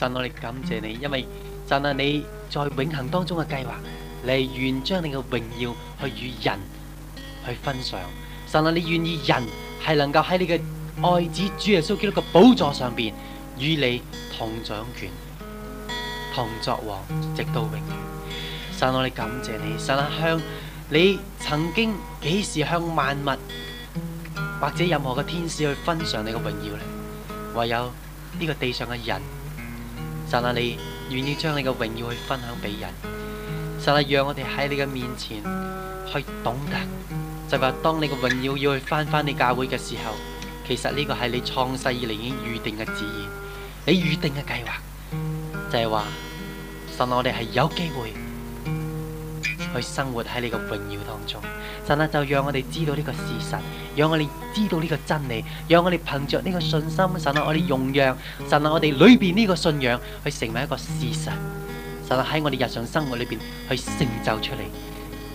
神我哋感謝你，因為神啊，你在永恆當中嘅計劃嚟，你願將你嘅榮耀去與人去分享。神啊，你願意人係能夠喺你嘅愛子主耶穌基督嘅寶座上邊與你同掌權、同作王，直到永遠。神我哋感謝你。神啊，向你曾經幾時向萬物或者任何嘅天使去分享你嘅榮耀呢？唯有呢個地上嘅人。神啊，你願意將你嘅榮耀去分享俾人，神啊，讓我哋喺你嘅面前去懂得，就話、是、當你嘅榮耀要去翻翻你教會嘅時候，其實呢個係你創世以嚟已經預定嘅旨意，你預定嘅計劃，就係、是、話，神我哋係有機會，去生活喺你嘅榮耀當中，神啊，就讓我哋知道呢個事實，讓我哋知道呢個真理，讓我哋憑着呢個信心，神啊，我哋用樣，神啊，我哋裏邊呢個信仰去成為一個事實，神啊，喺我哋日常生活裏邊去成就出嚟，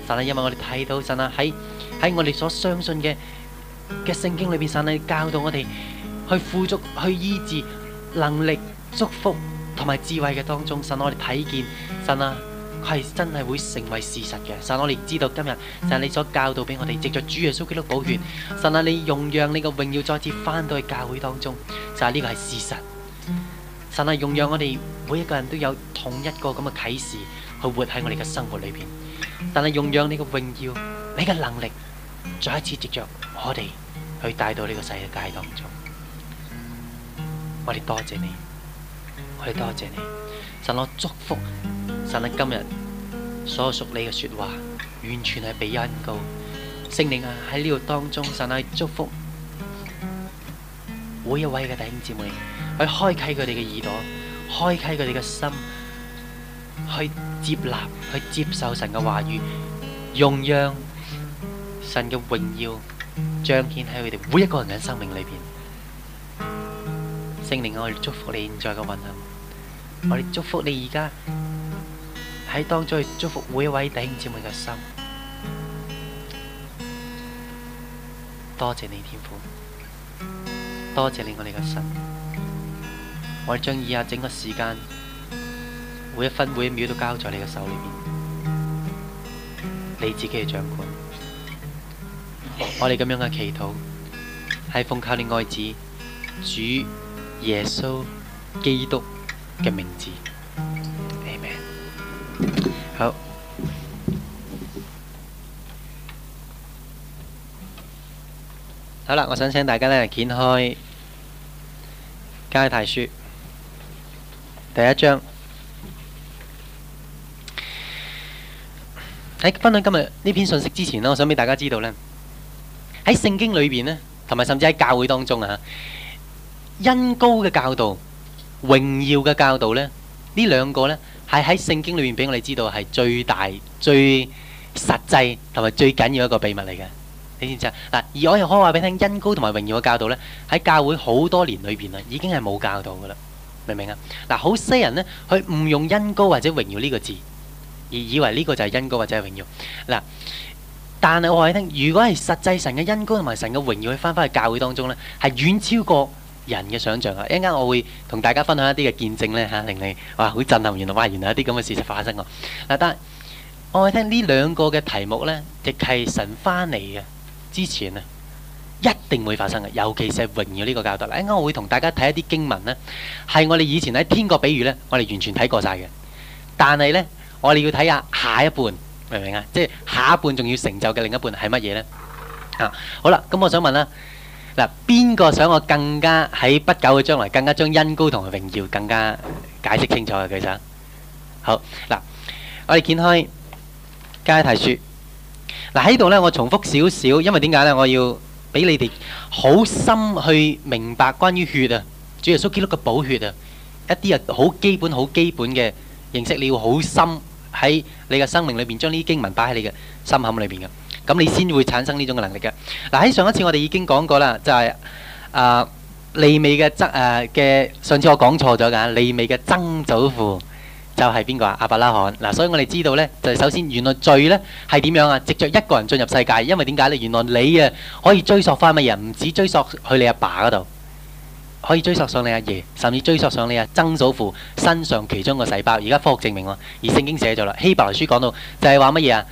神啊，因為我哋睇到神啊喺喺我哋所相信嘅嘅聖經裏邊，神啊，教導我哋去富足、去醫治、能力、祝福同埋智慧嘅當中，神啊，我哋睇見，神啊。係真係會成為事實嘅，神，我哋知道今日就係你所教導俾我哋，藉着主耶穌基督寶血，神啊，你容讓你個榮耀再次翻到去教會當中，就係呢個係事實。神啊，容讓我哋每一個人都有同一個咁嘅啓示，去活喺我哋嘅生活裏邊，但係容讓你嘅榮耀、你嘅能力再一次藉着我哋去帶到呢個世界當中。我哋多謝你，我哋多謝你，神，我祝福。神喺今日所有屬你嘅說話，完全係畀恩膏。聖靈啊，喺呢度當中，神喺祝福每一位嘅弟兄姊妹，去開啟佢哋嘅耳朵，開啟佢哋嘅心，去接納，去接受神嘅話語，用讓神嘅榮耀彰顯喺佢哋每一個人嘅生命裏邊。聖靈，我哋祝福你現在嘅運行，我哋祝福你而家。喺當中祝福每一位弟兄姊妹嘅心，多謝你天父，多謝你我哋嘅神，我哋將以下整個時間，每一分每一秒都交在你嘅手裏面。你自己嘅掌管。我哋咁樣嘅祈禱，係奉靠你愛子主耶穌基督嘅名字。好，好啦，我想請大家咧，掀開《加泰書》第一章。喺分享今日呢篇信息之前啦，我想俾大家知道咧，喺聖經裏邊咧，同埋甚至喺教會當中啊，恩膏嘅教導、榮耀嘅教導咧，呢兩個咧。係喺聖經裡面俾我哋知道係最大、最實際同埋最緊要一個秘密嚟嘅，你知唔知啊？嗱，而我又可以話俾你聽，恩膏同埋榮耀嘅教導咧，喺教會好多年裡邊啦，已經係冇教導噶啦，明唔明啊？嗱，好些人呢，佢唔用恩膏或者榮耀呢個字，而以為呢個就係恩膏或者係榮耀。嗱，但係我話你聽，如果係實際神嘅恩膏同埋神嘅榮耀去翻翻去教會當中咧，係遠超過。人嘅想像啊！一陣間我會同大家分享一啲嘅見證咧嚇、啊，令你哇好震撼！原來哇，原來一啲咁嘅事實發生喎。嗱，但係我哋聽呢兩個嘅題目呢，亦係神翻嚟嘅之前啊，一定會發生嘅。尤其是榮耀呢個教導。嗱，一陣間我會同大家睇一啲經文咧，係我哋以前喺天國比喻呢，我哋完全睇過晒嘅。但係呢，我哋要睇下下一半，明唔明啊？即係下一半仲要成就嘅另一半係乜嘢呢？啊，好啦，咁，嗯，我想問啦。嗱，邊個想我更加喺不久嘅將來，更加將恩膏同埋榮耀更加解釋清楚啊？其實，好，嗱，我哋見開加提説，嗱喺度咧，我重複少少，因為點解咧？我要俾你哋好深去明白關於血啊，主耶穌基督嘅寶血啊，一啲啊好基本、好基本嘅認識，你要好深喺你嘅生命裏邊將呢啲經文擺喺你嘅心坎裏邊嘅。咁你先會產生呢種嘅能力嘅。嗱喺上一次我哋已經講過啦，就係啊利未嘅曾啊嘅，上次我講錯咗㗎，利未嘅曾祖父就係邊個啊？阿伯拉罕。嗱，所以我哋知道咧，就係首先原來罪咧係點樣啊？藉著一個人進入世界，因為點解咧？原來你啊可以追溯翻乜嘢啊？唔止追溯去你阿爸嗰度，可以追溯上你阿爺，甚至追溯上你啊曾祖父身上其中個細胞。而家科學證明喎，而聖經寫咗啦，《希伯來書》講到就係話乜嘢啊？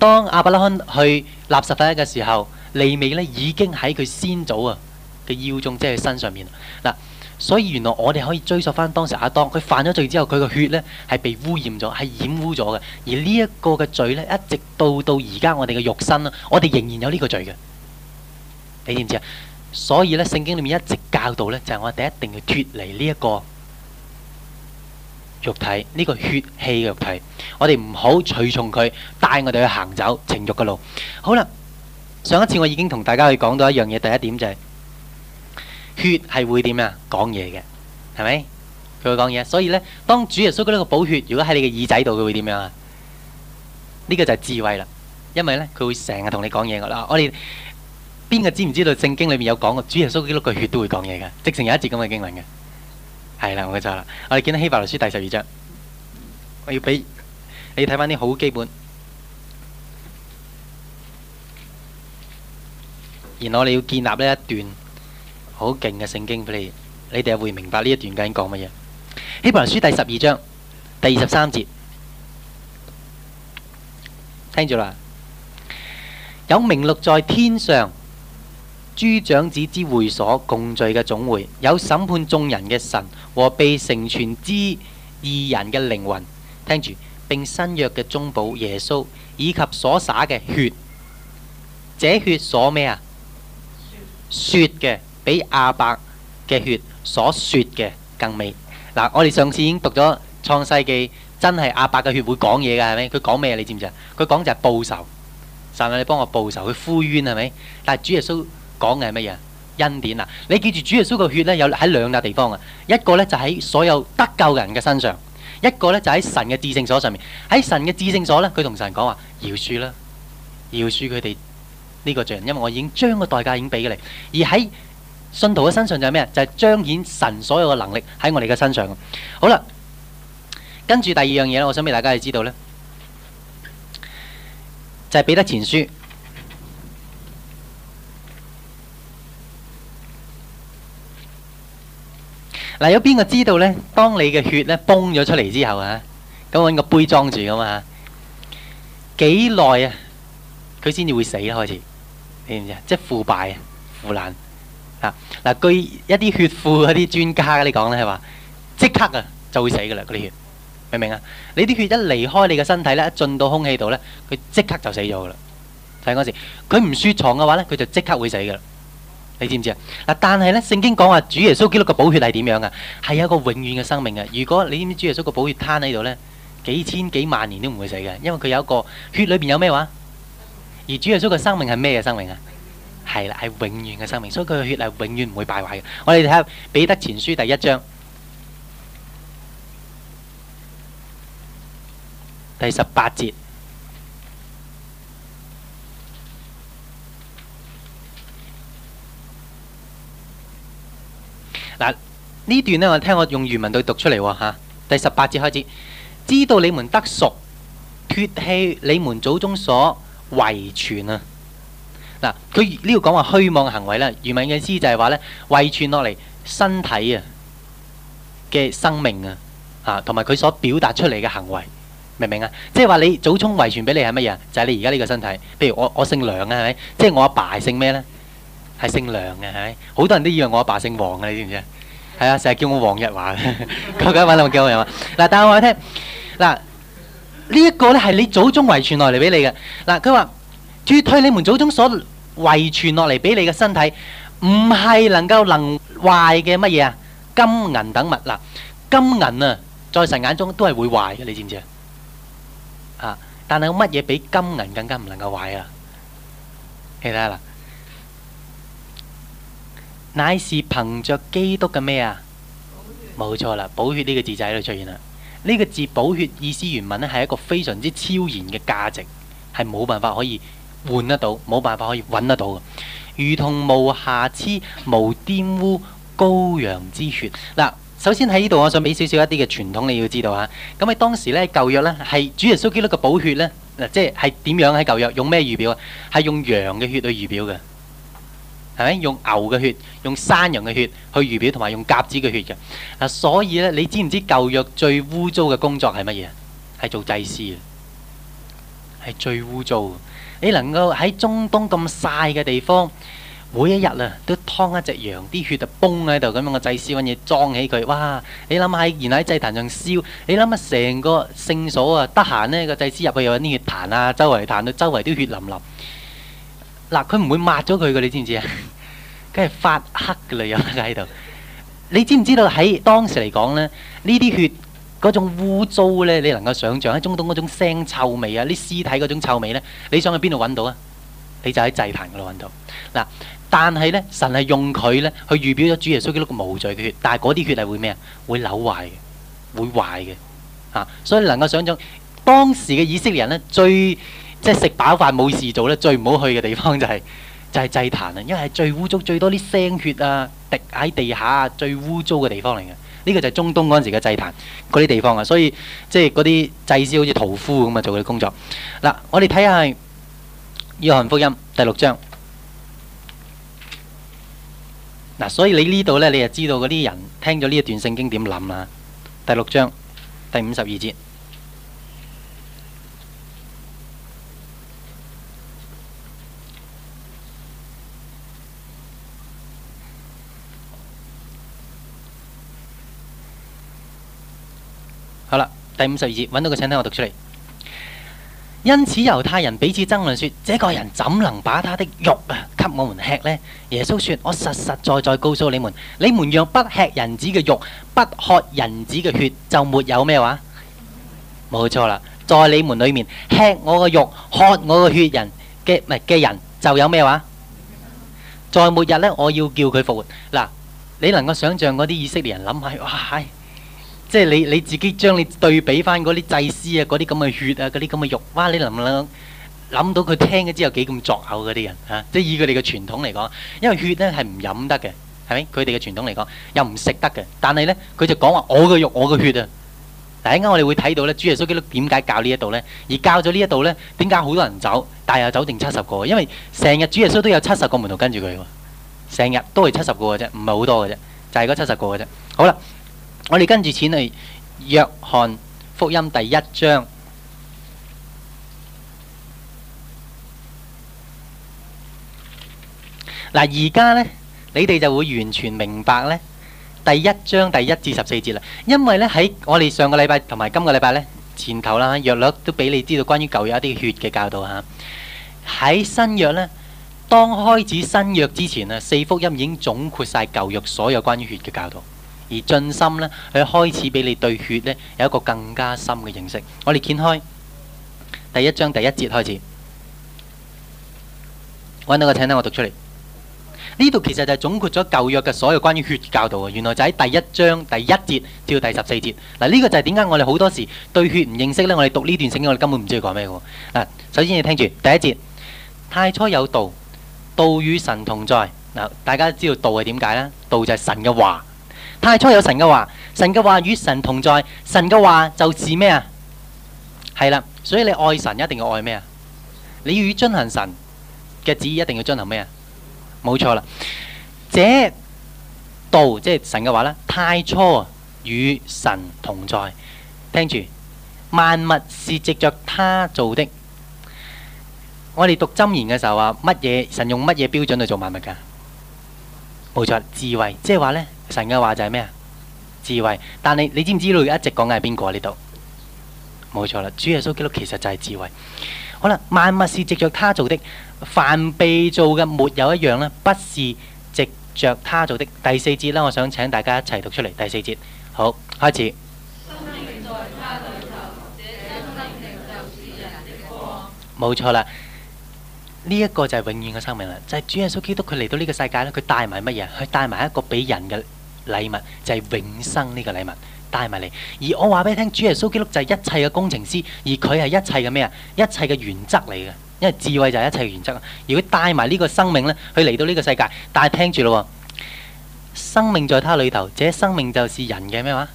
當亞伯拉罕去納十分之一嘅時候，利未呢已經喺佢先祖啊嘅腰中，即係佢身上面嗱。所以原來我哋可以追溯翻當時亞當，佢犯咗罪之後，佢個血呢係被污染咗，係染污咗嘅。而呢一個嘅罪呢，一直，直到到而家我哋嘅肉身啦，我哋仍然有呢個罪嘅，你知唔知啊？所以呢聖經裏面一直教導呢，就係、是、我哋一定要脫離呢、這、一個。肉體呢個血氣嘅肉體，我哋唔好隨從佢帶我哋去行走情欲嘅路。好啦，上一次我已經同大家去講到一樣嘢，第一點就係血係會點啊，講嘢嘅，係咪？佢會講嘢，所以咧，當主耶穌嗰呢個寶血，如果喺你嘅耳仔度，佢會點樣啊？呢個就係智慧啦，因為咧佢會成日同你講嘢噶啦。我哋邊個知唔知道聖經裏面有講過主耶穌嗰碌個血都會講嘢噶？直情有一節咁嘅經文嘅。係啦，冇錯啦。我哋見到希伯來書第十二章，我要俾你睇翻啲好基本，然後我要建立呢一段好勁嘅聖經俾你，你哋會明白呢一段究竟講乜嘢。希伯來書第十二章第二十三節，聽住啦，有名錄在天上。諸長子之會所共聚嘅總會，有審判眾人嘅神和被成全之義人嘅靈魂，聽住，並新約嘅中保耶穌以及所灑嘅血，這血所咩啊？說嘅比亞伯嘅血所說嘅更美嗱。我哋上次已經讀咗創世記，真係亞伯嘅血會講嘢㗎，係咪？佢講咩？你知唔知啊？佢講就係報仇，神啊，你幫我報仇，佢呼冤，係咪？但係主耶穌。講嘅係乜嘢恩典啊？你記住，主耶穌嘅血咧有喺兩笪地方啊。一個咧就喺所有得救人嘅身上，一個咧就喺神嘅至聖所上面。喺神嘅至聖所咧，佢同神講，話饒恕啦，饒恕佢哋呢個罪人，因為我已經將個代價已經俾咗你。而喺信徒嘅身上就係咩啊？就係彰顯神所有嘅能力喺我哋嘅身上。好啦，跟住第二樣嘢咧，我想俾大家去知道咧，就係彼得前書。嗱，有邊個知道咧？當你嘅血咧崩咗出嚟之後啊，咁、啊、揾個杯裝住咁啊，幾耐啊？佢先至會死咯，開始知唔知啊？即係腐敗啊，腐爛啊！嗱，據一啲血庫嗰啲專家，你講咧係話，即刻啊就會死噶啦，嗰啲血明唔明啊？你啲血一離開你嘅身體咧，一進到空氣度咧，佢即刻就死咗噶啦。睇嗰時，佢唔雪藏嘅話咧，佢就即刻會死噶啦。你知唔知啊？嗱，但係咧，聖經講話主耶穌基督嘅寶血係點樣啊？係一個永遠嘅生命啊！如果你知唔知主耶穌個寶血攤喺度咧，幾千幾萬年都唔會死嘅，因為佢有一個血裏邊有咩話？而主耶穌嘅生命係咩嘅生命啊？係啦，係永遠嘅生命，所以佢嘅血係永遠唔會敗壞嘅。我哋睇下彼得前書第一章第十八節。嗱，呢段咧我聽我用原文對讀出嚟喎嚇，第十八節開始，知道你們得贖，脱棄你們祖宗所遺傳啊！嗱，佢呢個講話虛妄行為啦，原文嘅意思就係話咧遺傳落嚟身體啊嘅生命啊嚇，同埋佢所表達出嚟嘅行為，明唔明啊？即係話你祖宗遺傳俾你係乜嘢？就係、是、你而家呢個身體。譬如我我姓梁啊，係咪？即係我阿爸，爸姓咩咧？係姓梁嘅，係好多人都以為我阿爸姓黃嘅，你知唔知啊？係啊，成日叫我黃日華嘅，佢家揾嚟叫我日華。嗱，但我話你聽，嗱呢一個咧係你祖宗遺傳落嚟俾你嘅。嗱，佢話要推你們祖宗所遺傳落嚟俾你嘅身體，唔係能夠能壞嘅乜嘢啊？金銀等物，嗱金銀啊，在神眼中都係會壞嘅，你知唔知啊？啊！但係乜嘢比金銀更加唔能夠壞啊？你睇下啦。乃是憑着基督嘅咩啊？冇錯啦，寶血呢個字仔喺度出現啦。呢、這個字寶血意思原文咧係一個非常之超然嘅價值，係冇辦法可以換得到，冇辦法可以揾得到嘅。如同無瑕疵、無玷污羔羊之血。嗱，首先喺呢度，我想俾少少一啲嘅傳統，你要知道嚇。咁喺當時呢，舊約呢，係主耶穌基督嘅寶血呢，嗱即係點樣喺舊約用咩預表啊？係用羊嘅血去預表嘅。係用牛嘅血、用山羊嘅血去預表，同埋用鴿子嘅血嘅？啊，所以咧，你知唔知舊約最污糟嘅工作係乜嘢？係做祭司嘅，係最污糟。你能夠喺中東咁曬嘅地方，每一日啊都劏一隻羊，啲血就崩喺度，咁樣個祭司揾嘢裝起佢。哇！你諗下，然後喺祭壇上燒，你諗下成個聖所啊，得閒呢個祭司入去又揾啲血彈啊，周圍彈到周圍啲血淋淋。嗱，佢唔會抹咗佢㗎，你知唔知啊？梗係發黑㗎啦，有喺度。你知唔知道喺當時嚟講咧，呢啲血嗰種污糟咧，你能夠想像喺中東嗰種腥臭味啊，啲屍體嗰種臭味咧，你想去邊度揾到啊？你就喺祭壇嗰度揾到。嗱，但係咧，神係用佢咧去預表咗主耶穌基督嘅無罪嘅血，但係嗰啲血係會咩啊？會扭壞嘅，會壞嘅啊！所以能夠想像當時嘅以色列人咧，最即係食飽飯冇事做咧，最唔好去嘅地方就係就係祭壇啊，因為最污糟，最多啲腥血啊滴喺地下啊，最污糟嘅地方嚟嘅。呢個就係中東嗰陣時嘅祭壇嗰啲地方啊，所以即係嗰啲祭司好似屠夫咁啊做啲工作。嗱，我哋睇下約翰福音第六章。嗱，所以你呢度咧，你就知道嗰啲人聽咗呢一段聖經點諗啦？第六章第五十二節。第五十二節，揾到個請聽我讀出嚟。因此猶太人彼此爭論說：這個人怎能把他的肉啊，給我們吃呢？耶穌說，我實實在在告訴你們，你們若不吃人子嘅肉，不喝人子嘅血，就沒有咩話。冇錯啦，在你們裏面吃我嘅肉，喝我嘅血人嘅唔係嘅人就有咩話？在末日呢，我要叫佢復活。嗱，你能夠想象嗰啲以色列人諗下，哇！即係你你自己將你對比翻嗰啲祭司啊，嗰啲咁嘅血啊，嗰啲咁嘅肉，哇！你能唔能諗到佢聽咗之後幾咁作嘔嗰啲人啊？即係以佢哋嘅傳統嚟講，因為血咧係唔飲得嘅，係咪？佢哋嘅傳統嚟講又唔食得嘅，但係咧佢就講話我嘅肉我嘅血啊！一陣間我哋會睇到咧，主耶穌基督點解教呢一度咧？而教咗呢一度咧，點解好多人走，但係又走剩七十個？因為成日主耶穌都有七十個門徒跟住佢喎，成日都係七十個嘅啫，唔係好多嘅啫，就係嗰七十個嘅啫。好啦。我哋跟住前嚟，約翰福音第一章。嗱，而家呢，你哋就會完全明白呢第一章第一至十四節啦。因為呢，喺我哋上個禮拜同埋今個禮拜呢，前頭啦，約略都俾你知道關於舊約一啲血嘅教導嚇。喺、啊、新約呢，當開始新約之前啊，四福音已經總括晒舊約所有關於血嘅教導。而進心咧，佢開始俾你對血咧有一個更加深嘅認識。我哋掀開第一章第一節開始，揾到個請，等我讀出嚟。呢度其實就係總括咗舊約嘅所有關於血教導啊。原來就喺第一章第一節至到第十四節嗱，呢個就係點解我哋好多時對血唔認識咧？我哋讀呢段聖經，我哋根本唔知佢講咩嘅喎嗱。首先你聽住第一節，太初有道，道與神同在嗱。大家知道道係點解咧？道就係神嘅話。太初有神嘅話，神嘅話與神同在，神嘅話就指咩啊？係啦，所以你愛神一定要愛咩啊？你要遵行神嘅旨意，一定要遵行咩啊？冇錯啦，這道即係神嘅話咧，太初與神同在。聽住，萬物是藉着祂做的。我哋讀箴言嘅時候話，乜嘢神用乜嘢標準去做萬物噶？冇錯，智慧，即係話咧。神嘅話就係咩啊？智慧，但係你知唔知佢一直講緊係邊個啊？呢度冇錯啦，主耶穌基督其實就係智慧。好啦，萬物是藉著他做的，凡被造嘅沒有一樣咧不是藉著他做的。第四節啦，我想請大家一齊讀出嚟。第四節，好，開始。冇錯啦，呢一個就係永遠嘅生命啦。就係主耶穌基督，佢嚟到呢個世界咧，佢帶埋乜嘢？佢帶埋一個俾人嘅。禮物就係永生，呢個禮物帶埋嚟。而我話俾你聽，主耶穌基督就係一切嘅工程師，而佢係一切嘅咩啊？一切嘅原則嚟嘅，因為智慧就係一切原則啊！如果帶埋呢個生命咧，佢嚟到呢個世界，但係聽住咯，生命在他裏頭，這生命就是人嘅咩話？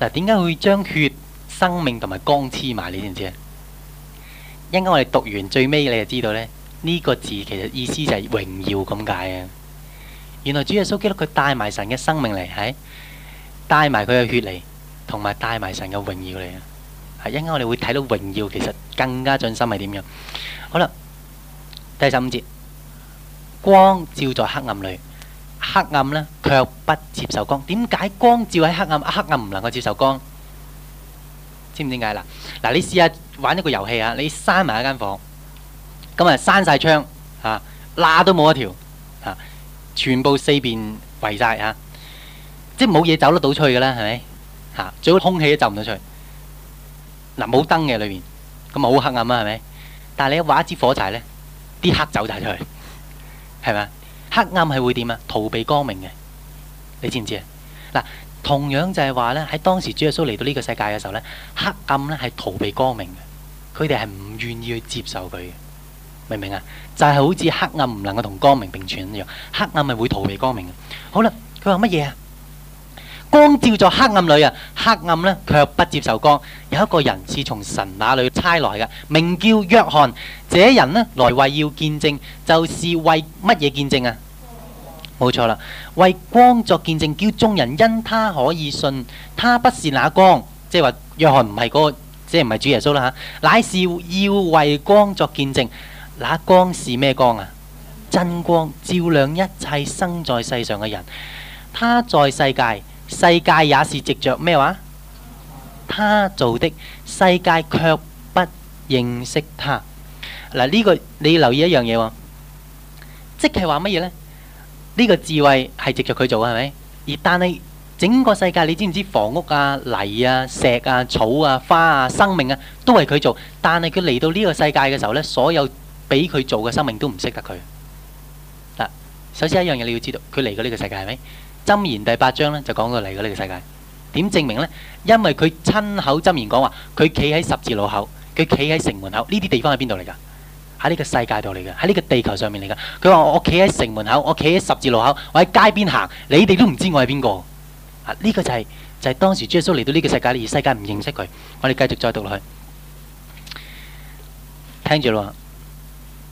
嗱，點解會將血、生命同埋光黐埋？你知唔知啊？應該我哋讀完最尾，你就知道呢，呢個字其實意思就係榮耀咁解啊！原來主耶穌基督佢帶埋神嘅生命嚟，係帶埋佢嘅血嚟，同埋帶埋神嘅榮耀嚟啊！一陣間我哋會睇到榮耀，其實更加盡心係點樣？好啦，第十五節，光照在黑暗裡，黑暗呢卻不接受光。點解光照喺黑暗，黑暗唔能夠接受光？知唔知點解？嗱嗱，你試下玩一個遊戲啊！你閂埋一間房，咁啊閂晒窗啊，罅都冇一條。全部四邊圍曬啊！即係冇嘢走得到出去嘅啦，係咪？嚇，最好空氣都走唔到出去。嗱，冇燈嘅裏面，咁啊好黑暗啊，係咪？但係你一畫一支火柴咧，啲黑走曬出去，係咪啊？黑暗係會點啊？逃避光明嘅，你知唔知啊？嗱，同樣就係話咧，喺當時主耶穌嚟到呢個世界嘅時候咧，黑暗咧係逃避光明嘅，佢哋係唔願意去接受佢嘅。明唔明啊？就係、是、好似黑暗唔能夠同光明並存一樣，黑暗咪會逃避光明嘅。好啦，佢話乜嘢啊？光照在黑暗裏啊，黑暗呢，卻不接受光。有一個人是從神那裏差來嘅，名叫約翰。這人呢，來為要見證，就是為乜嘢見證啊？冇錯啦，為光作見證，叫眾人因他可以信他不是那光，即係話約翰唔係嗰個即係唔係主耶穌啦嚇，乃是要為光作見證。那光是咩光啊？真光照亮一切生在世上嘅人。他在世界，世界也是藉著咩話，啊？他做的世界卻不認識他。嗱、這、呢個你留意一樣嘢喎，即係話乜嘢咧？呢、這個智慧係藉著佢做嘅，係咪？而但係整個世界，你知唔知房屋啊、泥啊、石啊、草啊、花啊、生命啊，都係佢做，但係佢嚟到呢個世界嘅時候咧，所有。俾佢做嘅生命都唔識得佢嗱。首先一樣嘢你要知道，佢嚟過呢個世界係咪？箴言第八章咧就講到嚟過呢個世界，點證明呢？因為佢親口箴言講話，佢企喺十字路口，佢企喺城門口，呢啲地方係邊度嚟㗎？喺呢個世界度嚟㗎，喺呢個地球上面嚟㗎。佢話我企喺城門口，我企喺十字路口，我喺街邊行，你哋都唔知我係邊個。啊，呢個就係就係當時耶穌嚟到呢個世界，而世界唔認識佢。我哋繼續再讀落去，聽住咯。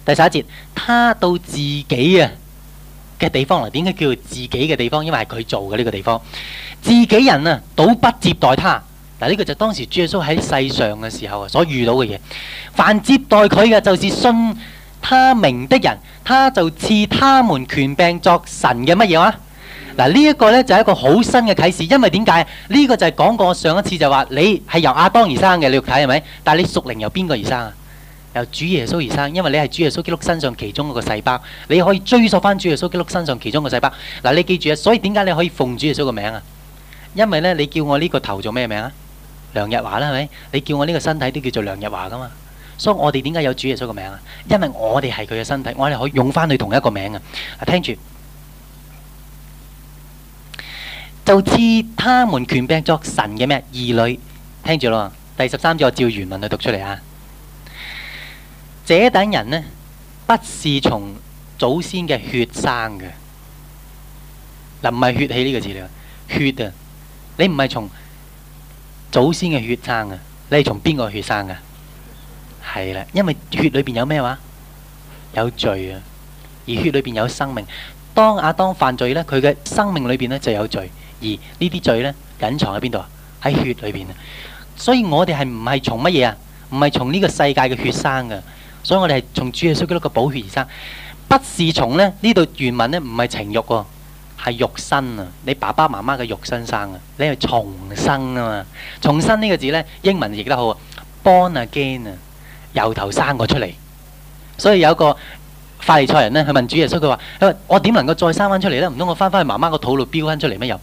第十一節，他到自己嘅嘅地方嚟，點解叫自己嘅地方？因為係佢做嘅呢個地方，自己人啊，倒不接待他。嗱，呢個就當時主耶穌喺世上嘅時候啊，所遇到嘅嘢。凡接待佢嘅，就是信他名的人，他就賜他們權柄作神嘅乜嘢啊！嗱，呢一個呢，就係一個好新嘅啟示，因為點解？呢個就係講過我上一次就話，你係由亞當而生嘅，你要睇係咪？但係你屬靈由邊個而生啊？由主耶穌而生，因為你係主耶穌基督身上其中一個細胞，你可以追溯翻主耶穌基督身上其中一個細胞。嗱，你記住啊，所以點解你可以奉主耶穌個名啊？因為咧，你叫我呢個頭做咩名啊？梁日華啦，係咪？你叫我呢個身體都叫做梁日華噶嘛？所以我哋點解有主耶穌個名啊？因為我哋係佢嘅身體，我哋可以用翻佢同一個名啊！聽住，就賜他們權柄作神嘅咩兒女？聽住咯，第十三節我照原文去讀出嚟啊！這等人呢，不是從祖先嘅血生嘅，嗱，唔係血氣呢個字嚟，血啊，你唔係從祖先嘅血生啊，你係從邊個血生啊？係啦，因為血裏邊有咩話？有罪啊！而血裏邊有生命，當亞當犯罪呢，佢嘅生命裏邊呢就有罪，而呢啲罪呢，隱藏喺邊度啊？喺血裏邊啊！所以我哋係唔係從乜嘢啊？唔係從呢個世界嘅血生啊。所以我哋係從主耶穌基督嘅寶血而生，不是從咧呢度，原文咧唔係情欲喎，哦，係肉身啊，你爸爸媽媽嘅肉身生啊，你係重生啊嘛，重生呢個字咧英文譯得好啊，Born again 啊，由頭生過出嚟，所以有一個。法利賽人呢，佢問主耶穌：佢話，我點能夠再生翻出嚟呢？唔通我翻翻去媽媽個肚度飚翻出嚟咩？又，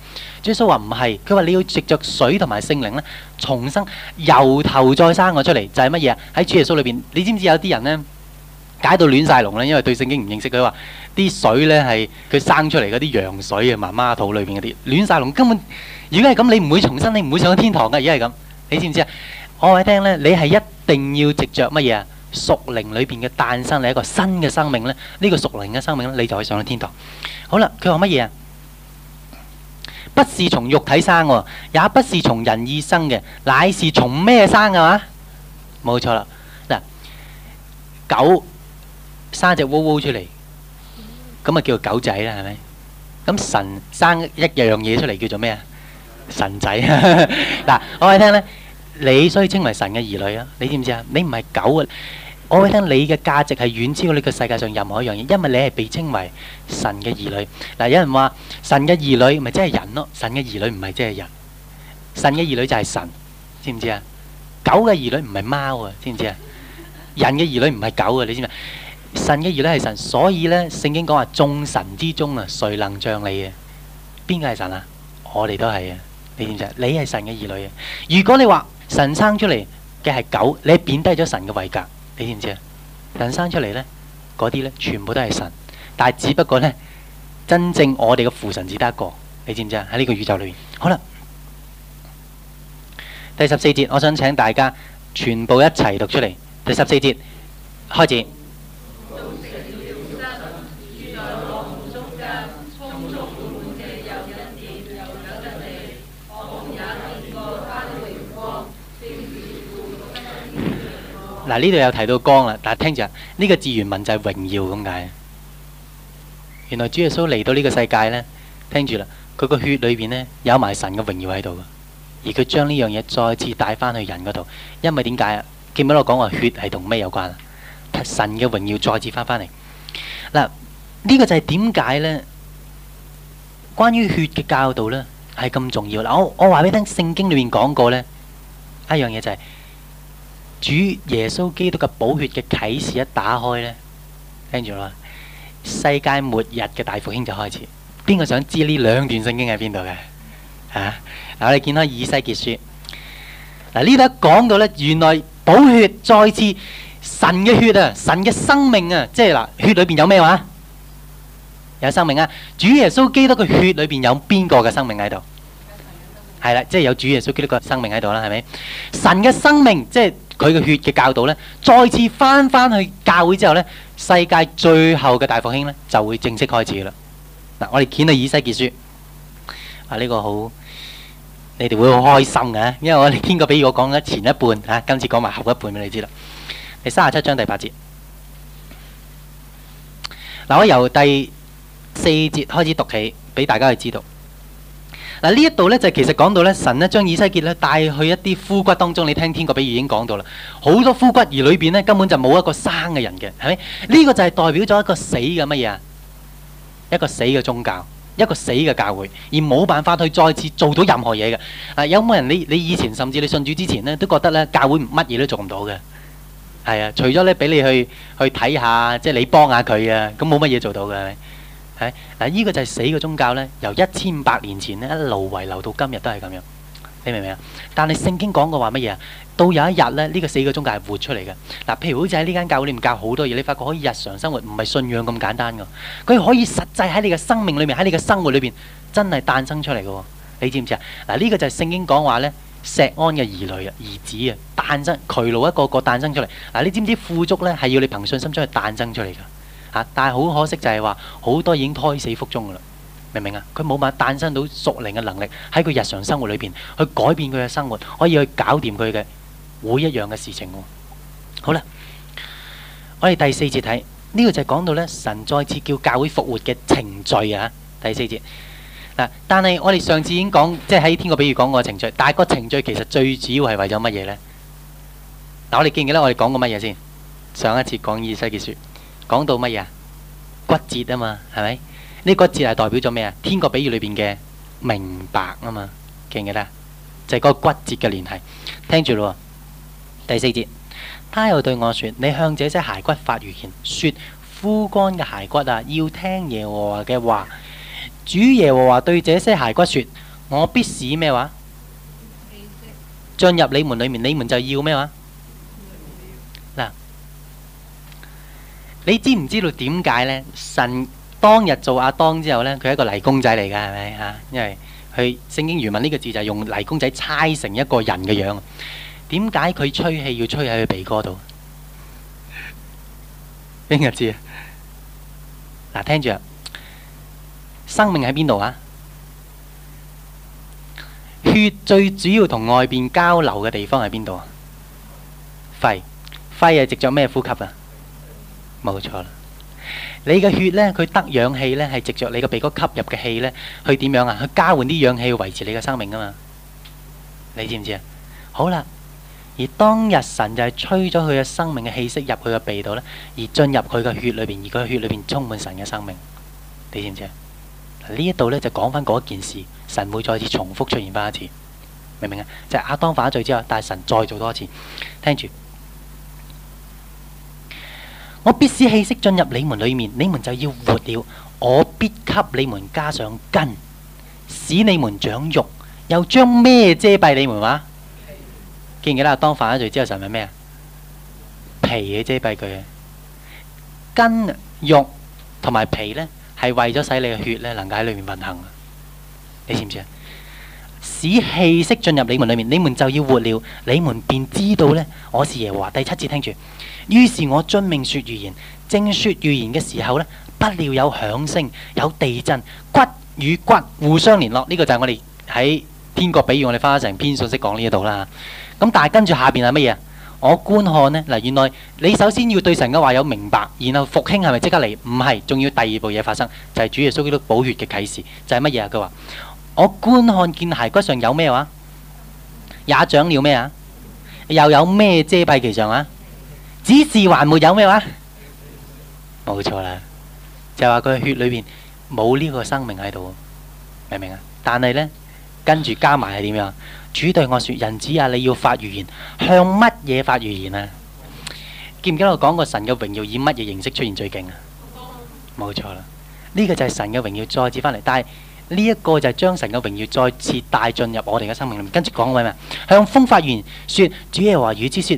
主耶穌話唔係，佢話你要藉着水同埋聖靈呢，重生，由頭再生我出嚟，就係乜嘢？喺主耶穌裏邊，你知唔知有啲人呢，解到亂晒龍呢？因為對聖經唔認識，佢話啲水呢，係佢生出嚟嗰啲羊水啊，媽媽肚裏邊嗰啲亂晒龍，根本如果係咁，你唔會重生，你唔會上天堂嘅，而係咁，你知唔知啊？我話你聽咧，你係一定要藉着乜嘢啊？屬靈裏邊嘅誕生，係一個新嘅生命咧。呢個屬靈嘅生命咧，你就可以上到天堂。好啦，佢話乜嘢啊？不是從肉體生嘅，也不是從人意生嘅，乃是從咩生嘅嘛？冇錯啦。嗱，狗生隻窩窩出嚟，咁啊叫做狗仔啦，係咪？咁神生一樣嘢出嚟，叫做咩啊？神仔。嗱，我話你聽咧，你所以稱為神嘅兒女啊，你知唔知啊？你唔係狗啊！我會聽你嘅價值係遠超過你個世界上任何一樣嘢，因為你係被稱為神嘅兒女。嗱，有人話神嘅兒女咪即係人咯，神嘅兒女唔係即係人，神嘅兒女就係神，神，神，知唔知啊？狗嘅兒女唔係貓啊，知唔知啊？人嘅兒女唔係狗啊，你知唔知？神嘅兒女係神，所以咧，聖經講話眾神之中啊，誰能像你啊？邊個係神啊？我哋都係啊！你點知，知？你係神嘅兒女啊！如果你話神生出嚟嘅係狗，你貶低咗神嘅位格。你知唔知啊？人生出嚟呢嗰啲呢，全部都係神，但係只不過呢，真正我哋嘅父神只得一個。你知唔知啊？喺呢個宇宙裏面。好啦，第十四節，我想請大家全部一齊讀出嚟。第十四節，開始。嗱，呢度又提到光啦，但係聽住呢個字原文就係榮耀咁解。原來主耶穌嚟到呢個世界咧，聽住啦，佢個血裏邊咧有埋神嘅榮耀喺度，而佢將呢樣嘢再次帶翻去人嗰度。因為點解啊？記唔記得我講話血係同咩有關啊？神嘅榮耀再次翻翻嚟。嗱，呢個就係點解咧？關於血嘅教導咧，係咁重要。嗱，我我話俾你聽，聖經裏面講過咧，一樣嘢就係。主耶穌基督嘅寶血嘅啟示一打開呢，聽住啦，世界末日嘅大復興就開始。邊個想知呢兩段聖經喺邊度嘅？吓、啊、嗱，我哋見到以西結書，嗱呢度一講到呢，原來寶血再次神嘅血啊，神嘅生命啊，即係嗱，血裏邊有咩話？有生命啊！主耶穌基督嘅血裏邊有邊個嘅生命喺度？係啦，即係有主耶穌基督個生命喺度啦，係咪？神嘅生命，即係佢嘅血嘅教導咧，再次翻翻去教會之後咧，世界最後嘅大復興咧，就會正式開始啦。嗱，我哋見到以西結書啊，呢、這個好，你哋會好開心嘅，因為比我哋天哥俾我講咗前一半，吓、啊、今次講埋後一半俾你知啦。第三十七章第八節，嗱我由第四節開始讀起，俾大家去知道。嗱呢一度咧就其實講到咧，神咧將以西結咧帶去一啲枯骨當中，你聽天國比喻已經講到啦，好多枯骨而裏邊咧根本就冇一個生嘅人嘅，係咪？呢、這個就係代表咗一個死嘅乜嘢啊？一個死嘅宗教，一個死嘅教會，而冇辦法去再次做到任何嘢嘅。啊，有冇人你你以前甚至你信主之前咧都覺得咧教會乜嘢都做唔到嘅？係啊，除咗咧俾你去去睇下，即、就、係、是、你幫下佢啊，咁冇乜嘢做到嘅。嗱，呢個就係死嘅宗教咧，由一千五百年前咧一路遺留到今日都係咁樣，你明唔明啊？但係聖經講過話乜嘢啊？到有一日咧，呢、這個死嘅宗教係活出嚟嘅。嗱，譬如好似喺呢間教會，你唔教好多嘢，你發覺可以日常生活唔係信仰咁簡單噶，佢可以實際喺你嘅生命裏面，喺你嘅生活裏邊，真係誕生出嚟噶，你知唔知啊？嗱，呢個就係聖經講話咧，錫安嘅兒女啊，兒子啊，誕生，劬勞一個個誕生出嚟。嗱，你知唔知富足咧係要你憑信心將佢誕生出嚟噶？嚇！但係好可惜就係話，好多已經胎死腹中噶啦，明唔明啊？佢冇辦法誕生到屬靈嘅能力，喺佢日常生活裏邊去改變佢嘅生活，可以去搞掂佢嘅每一樣嘅事情喎。好啦，我哋第四節睇呢個就係講到咧，神再次叫教會復活嘅程序啊！第四節，嗱，但係我哋上次已經講，即係喺天國比喻講過程序，但係個程序其實最主要係為咗乜嘢咧？嗱，我哋記唔記得我哋講過乜嘢先？上一次講以西結書。講到乜嘢啊？骨折啊嘛，係咪？呢骨折係代表咗咩啊？天國比喻裏邊嘅明白啊嘛，記唔記得？就係、是、嗰個骨折嘅聯繫。聽住咯。第四節，他又對我說：，你向這些骸骨發預言，說枯乾嘅骸骨啊，要聽耶和華嘅話。主耶和華對這些骸骨說：，我必使咩話？進入你們裏面，你們就要咩話？你知唔知道點解呢？神當日做阿當之後呢，佢係一個泥公仔嚟㗎，係咪嚇？因為佢聖經原文呢個字就係用泥公仔猜成一個人嘅樣。點解佢吹氣要吹喺佢鼻哥度？邊個知啊？嗱，聽住，生命喺邊度啊？血最主要同外邊交流嘅地方喺邊度啊？肺，肺係藉著咩呼吸啊？冇錯啦，你嘅血呢，佢得氧氣呢，係藉着你嘅鼻哥吸入嘅氣呢，去點樣啊？去交換啲氧氣去維持你嘅生命啊嘛！你知唔知啊？好啦，而當日神就係吹咗佢嘅生命嘅氣息入佢嘅鼻度呢，而進入佢嘅血裏邊，而佢嘅血裏邊充滿神嘅生命。你知唔知啊？呢一度呢，就講翻嗰件事，神會再次重複出現翻一次，明唔明啊？就係亞當犯咗罪之後，但係神再做多一次，聽住。我必使氣息進入你們裏面，你們就要活了。我必給你們加上筋，使你們長肉。又將咩遮蔽你們話？記唔記得當犯咗罪之後神係咩啊？皮去遮蔽佢，筋肉同埋皮呢係為咗使你嘅血呢能夠喺裏面運行。你知唔知啊？使氣息進入你們裏面，你們就要活了。你們便知道呢，我是耶和華。第七節聽住。於是，我遵命説預言。正説預言嘅時候呢，不料有響聲，有地震，骨與骨互相聯絡。呢、這個就係我哋喺天國比喻，我哋翻一成篇信息講呢一度啦。咁但係跟住下邊係乜嘢？我觀看呢，嗱原來你首先要對神嘅話有明白，然後復興係咪即刻嚟？唔係，仲要第二步嘢發生，就係、是、主耶穌基督寶血嘅啟示，就係乜嘢？佢話：我觀看見骸骨上有咩話？也長了咩啊？又有咩遮蔽其上啊？只是還沒有咩話？冇錯啦，就係話佢血裏邊冇呢個生命喺度，明唔明啊？但係呢，跟住加埋係點樣？主對我說：人子啊，你要發預言，向乜嘢發預言啊？記唔記得我講過神嘅榮耀以乜嘢形式出現最勁啊？冇錯啦，呢個就係神嘅榮耀再次翻嚟。但係呢一個就係將神嘅榮耀再次帶進入我哋嘅生命裏面。跟住講嗰位咩？向風發言說：主耶和華之說。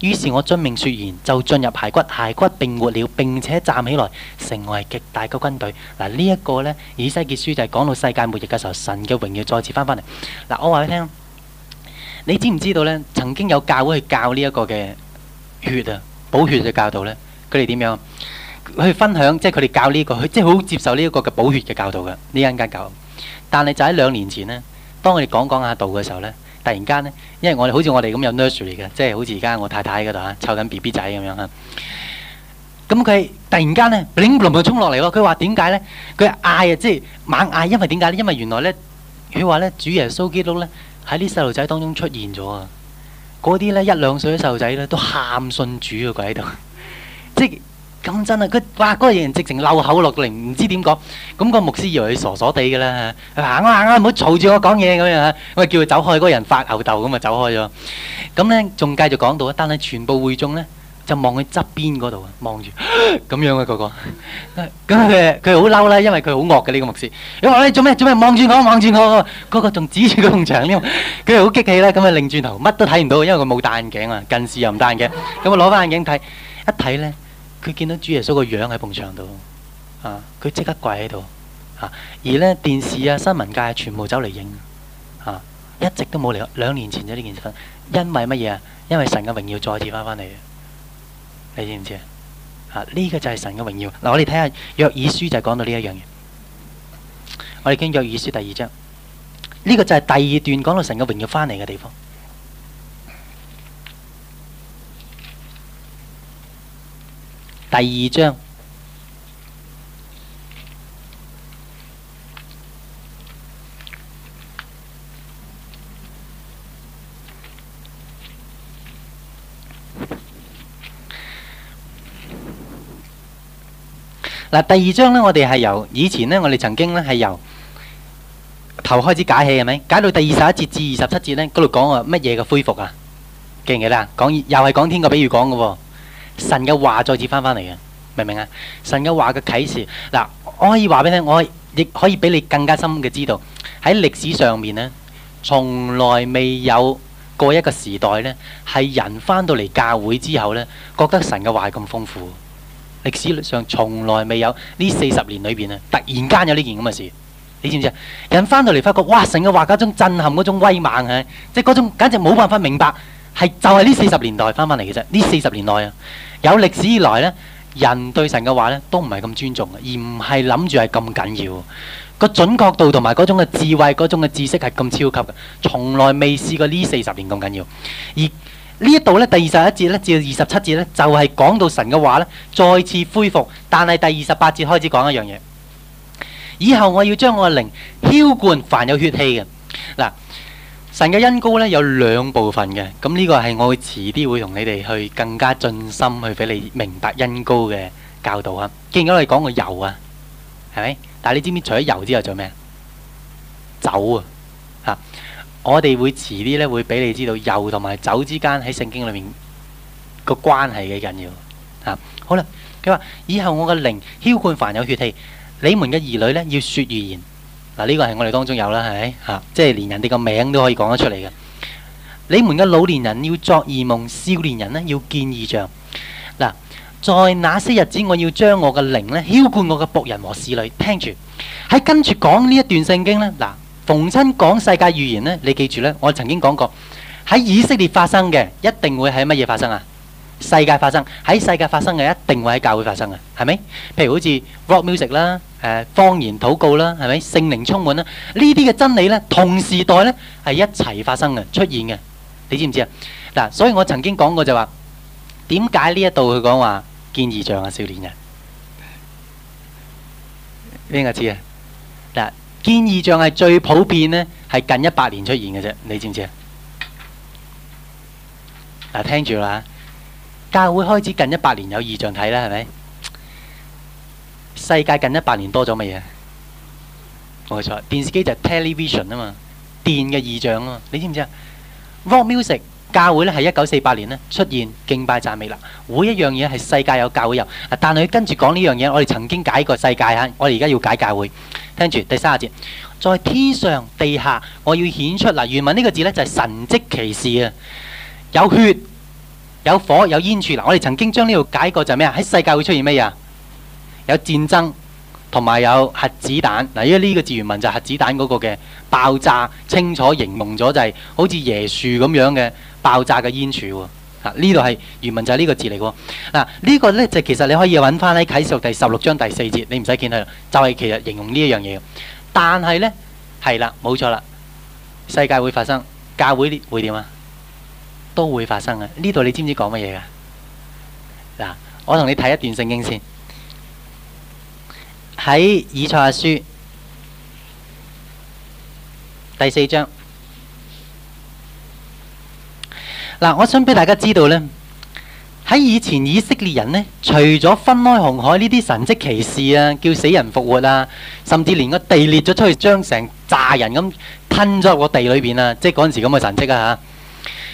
於是，我遵命説言，就進入骸骨，骸骨並活了，並且站起來，成為極大嘅軍隊。嗱、啊，呢、這、一個呢，以西結書就係講到世界末日嘅時候，神嘅榮耀再次翻返嚟。嗱、啊，我話你聽，你知唔知道呢？曾經有教會去教呢一個嘅血啊，寶血嘅教導呢，佢哋點樣去分享？即係佢哋教呢、這個，即、就、係、是、好接受呢一個嘅寶血嘅教導嘅，呢間間教。但係就喺兩年前呢，當我哋講講下道嘅時候呢。突然間咧、啊嗯，因為我哋好似我哋咁有 nursery 嘅，即係好似而家我太太嗰度嚇湊緊 B B 仔咁樣嚇。咁佢突然間咧 bling bling 咁沖落嚟喎。佢話點解咧？佢嗌啊，即係猛嗌，因為點解咧？因為原來咧，佢話咧，主耶穌基督咧喺呢細路仔當中出現咗啊！嗰啲咧一兩歲嘅細路仔咧都喊信主嘅鬼度，即係。就是咁真啊！佢哇，嗰個人直情漏口落嚟，唔知點講。咁個牧師以為佢傻傻地嘅啦，行啊行啊，唔好嘈住我講嘢咁樣嚇。咁啊叫佢走開，嗰個人發吽逗咁啊走開咗。咁咧仲繼續講到啊，但係全部會眾咧就望佢側邊嗰度啊，望住咁樣嘅個個。咁佢佢好嬲啦，因為佢好惡嘅呢個牧師。你話你做咩做咩望住我望住我？個個仲指住個牆添，因為佢好激氣啦。咁啊，擰轉頭乜都睇唔到，因為佢冇戴眼鏡啊，近視又唔戴眼鏡。咁啊攞翻眼鏡睇，一睇咧。佢見到主耶穌個樣喺墳場度，啊！佢即刻跪喺度，啊！而呢電視啊、新聞界、啊、全部走嚟影，啊！一直都冇嚟。兩年前咗呢件事，因為乜嘢啊？因為神嘅榮耀再次翻翻嚟，你知唔知啊？呢個就係神嘅榮耀。嗱，我哋睇下約珥書就係講到呢一樣嘢。我哋經約珥書第二章，呢個就係第二段講到神嘅榮耀翻嚟嘅地方。第二章嗱，第二章咧，我哋係由以前咧，我哋曾經咧係由頭開始解起，係咪？解到第二十一節至二十七節咧，嗰度講啊乜嘢嘅恢復啊？記唔記得？講又係講天個比喻講嘅喎。神嘅話再次翻翻嚟嘅，明唔明啊？神嘅話嘅啟示，嗱，我可以話俾你聽，我亦可以俾你更加深嘅知道，喺歷史上面呢，從來未有過一個時代呢，係人翻到嚟教會之後呢，覺得神嘅話咁豐富，歷史上從來未有呢四十年裏邊啊，突然間有呢件咁嘅事，你知唔知啊？人翻到嚟發覺，哇！神嘅話嗰種震撼，嗰種威猛啊，即係嗰種簡直冇辦法明白。係就係呢四十年代翻翻嚟嘅啫，呢四十年代啊，有歷史以來呢，人對神嘅話呢都唔係咁尊重嘅，而唔係諗住係咁緊要，個準確度同埋嗰種嘅智慧、嗰種嘅知識係咁超級嘅，從來未試過呢四十年咁緊要。而呢一度呢，第二十一節呢至到二十七節呢，就係、是、講到神嘅話呢再次恢復。但係第二十八節開始講一樣嘢，以後我要將我嘅靈澆灌凡有血氣嘅，嗱。神嘅恩膏咧有兩部分嘅，咁、這、呢個係我會遲啲會同你哋去更加盡心去俾你明白恩膏嘅教導啊。既然我哋講過油啊，係咪？但係你知唔知除咗油之外仲有咩？酒啊，吓，我哋會遲啲咧會俾你知道油同埋酒之，啊、之間喺聖經裏面個關係幾緊要啊。好啦，佢話以後我嘅靈澆灌凡有血氣，你們嘅兒女咧要說預言。嗱，呢個係我哋當中有啦，係咪嚇？即係連人哋個名都可以講得出嚟嘅。你們嘅老年人要作異夢，少年人呢要見異象。嗱，在那些日子，我要將我嘅靈呢，澆灌我嘅僕人和侍女聽。聽住喺跟住講呢一段聖經呢。嗱，逢親講世界預言呢，你記住呢，我曾經講過喺以色列發生嘅，一定會喺乜嘢發生啊？世界發生喺世界發生嘅，一定會喺教會發生嘅，係咪？譬如好似 rock music 啦。誒，方言禱告啦，係咪？聖靈充滿啦，呢啲嘅真理呢，同時代呢，係一齊發生嘅，出現嘅，你知唔知啊？嗱，所以我曾經講過就話、是，點解呢一度佢講話見異象啊，少年人？邊個知啊？嗱，見異象係最普遍呢，係近一百年出現嘅啫，你知唔知啊？嗱，聽住啦，教會開始近一百年有異象睇啦，係咪？世界近一百年多咗乜嘢？冇錯，電視機就係 television 啊嘛，電嘅異象啊嘛，你知唔知啊？Rock music 教會咧係一九四八年咧出現敬拜讚美啦。每一樣嘢係世界有教會有，但係跟住講呢樣嘢。我哋曾經解過世界啊，我哋而家要解教會。聽住第三個節，在天上地下，我要顯出嗱原文呢個字咧就係神蹟奇事啊！有血、有火、有煙柱嗱，我哋曾經將呢度解過就係咩啊？喺世界會出現乜嘢啊？有戰爭同埋有，有核子彈嗱，因為呢個字原文就係核子彈嗰個嘅爆炸清楚形容咗，就係好似椰樹咁樣嘅爆炸嘅煙柱喎。啊，呢度係原文就係呢個字嚟嘅嗱。啊這個、呢個咧就是、其實你可以揾翻喺啟示錄第十六章第四節，你唔使見佢，就係、是、其實形容呢一樣嘢。但係咧係啦，冇錯啦，世界會發生，教會會點啊？都會發生知知啊！呢度你知唔知講乜嘢㗎？嗱，我同你睇一段聖經先。喺以賽亞書第四章，嗱，我想俾大家知道呢，喺以前以色列人呢，除咗分開紅海呢啲神蹟奇事啊，叫死人復活啊，甚至連個地裂咗出去，將成炸人咁吞咗入個地裏邊啊，即係嗰陣時咁嘅神蹟啊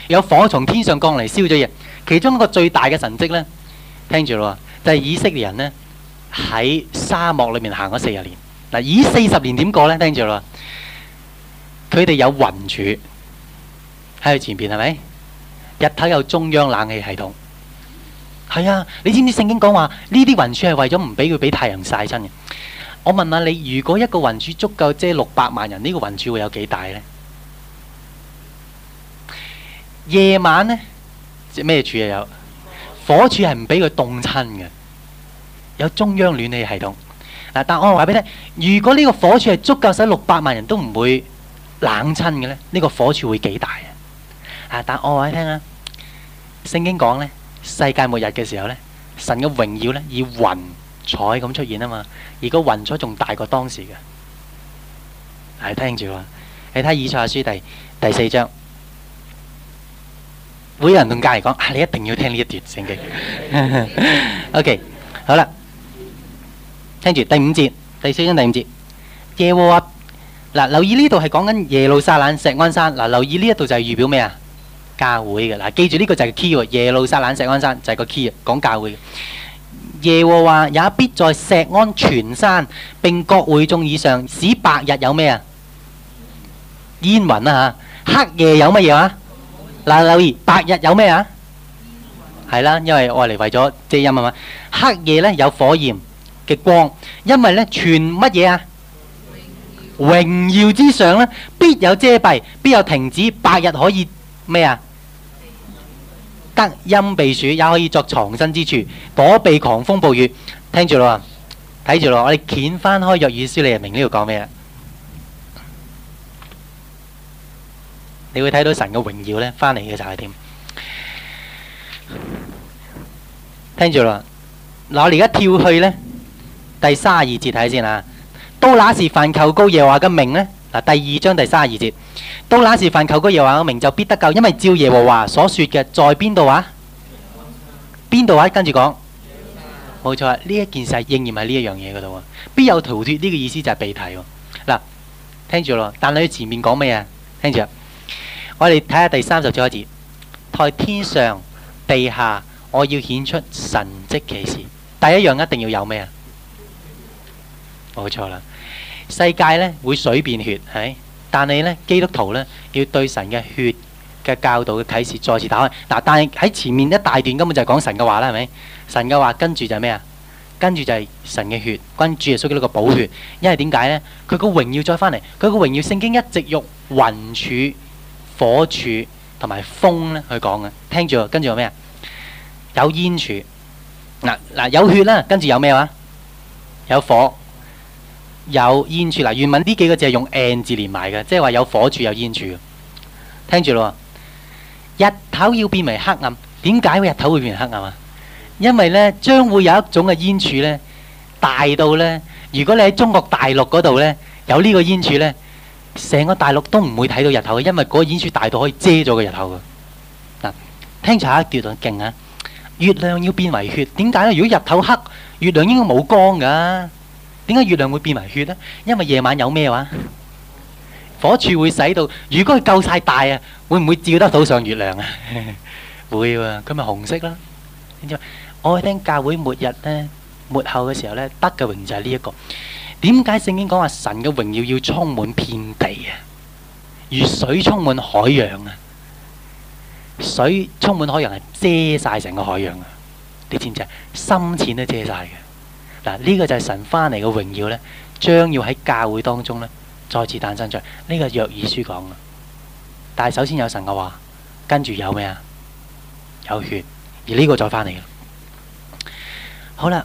吓，有火從天上降嚟燒咗嘢。其中一個最大嘅神蹟呢，聽住咯，就係、是、以色列人呢，喺沙漠裏面行咗四十年，嗱，以四十年點過咧？聽住啦，佢哋有雲柱喺佢前邊，係咪？日頭有中央冷氣系統，係啊！你知唔知聖經講話呢啲雲柱係為咗唔俾佢俾太陽曬親嘅？我問下你，如果一個雲柱足夠遮六百萬人，呢個雲柱會有幾大咧？夜晚咧，即咩柱又有火柱係唔俾佢凍親嘅？有中央暖氣系統，啊！但我話俾你聽，如果呢個火柱係足夠使六百萬人都唔會冷親嘅咧，呢個火柱會幾大啊？啊！但我話你聽啊，《聖經》講咧，世界末日嘅時候咧，神嘅榮耀咧以雲彩咁出現啊嘛。如果雲彩仲大過當時嘅，係聽住啊！你睇《以賽亞書》第第四章，會有人同隔籬嚟講啊，你一定要聽呢一段聖經。OK，好啦。聽住第五節，第四章第五節，耶和華嗱，留意呢度係講緊耶路撒冷、石安山。嗱，留意呢一度就係預表咩啊？教會嘅。嗱，記住呢個就係 key 喎，耶路撒冷、石安山就係個 key，講教會嘅。耶和華也必在石安全山，並各會眾以上，使白日有咩啊？煙雲啊吓，黑夜有乜嘢啊？嗱，留意白日有咩啊？係啦，因為愛嚟為咗遮陰啊嘛。黑夜咧有火焰。嘅極光，因為咧，全乜嘢啊？榮耀之上咧，必有遮蔽，必有停止。白日可以咩啊？得陰避暑，也可以作藏身之處，躲避狂風暴雨。聽住啦，睇住啦，我哋掀翻開約語書，你又明呢度講咩？你會睇到神嘅榮耀咧，翻嚟嘅就係點？聽住啦，嗱，我哋而家跳去咧？第三二節睇先啊。到那時凡求告耶和華嘅名呢？嗱，第二章第三二節，到那時凡求告耶和華嘅名就必得救，因為照耶和華所説嘅，在邊度啊？邊度啊？跟住講，冇錯，呢一件事係應驗喺呢一樣嘢嗰度啊。必有逃脱，呢個意思就係避題喎。嗱，聽住咯，但你前面講咩啊？聽住，我哋睇下第三十節開始，在天上、地下，我要顯出神蹟奇事。第一樣一定要有咩啊？冇錯啦，世界咧，會水變血，係，但係咧，基督徒咧，要對神嘅血嘅教導嘅啟示再次打開。嗱，但係喺前面一大段根本就係講神嘅話啦，係咪？神嘅話跟住就係咩啊？跟住就係神嘅血，關於主耶穌嘅呢個寶血。因為點解咧？佢個榮耀再翻嚟，佢個榮耀聖經一直用雲柱、火柱同埋風咧去講嘅。聽住，跟住有咩啊？有煙柱，嗱嗱有血啦，跟住有咩話？有火。有煙柱嗱，原文呢幾個字係用 N 字連埋嘅，即係話有火柱有煙柱。聽住咯，日頭要變為黑暗，點解日頭會變為黑暗啊？因為呢將會有一種嘅煙柱呢，大到呢。如果你喺中國大陸嗰度呢，有呢個煙柱呢，成個大陸都唔會睇到日頭嘅，因為嗰個煙柱大到可以遮咗個日頭嘅。嗱，聽住下一段勁啊！月亮要變為血，點解呢？如果日頭黑，月亮應該冇光㗎、啊。點解月亮會變埋血呢？因為夜晚有咩話？火柱會使到，如果佢夠晒大啊，會唔會照得到上月亮啊？ 會啊，咁咪紅色啦。點知我聽教會末日呢，末後嘅時候呢，得嘅榮就係呢一個。點解聖經講話神嘅榮耀要充滿遍地啊？如水充滿海洋啊？水充滿海洋係遮晒成個海洋啊？你知唔知啊？深淺都遮晒嘅。嗱，呢個就係神翻嚟嘅榮耀咧，將要喺教會當中咧再次誕生出嚟。呢個係約珥書講嘅，但係首先有神嘅話，跟住有咩啊？有血，而呢個再翻嚟嘅。好啦，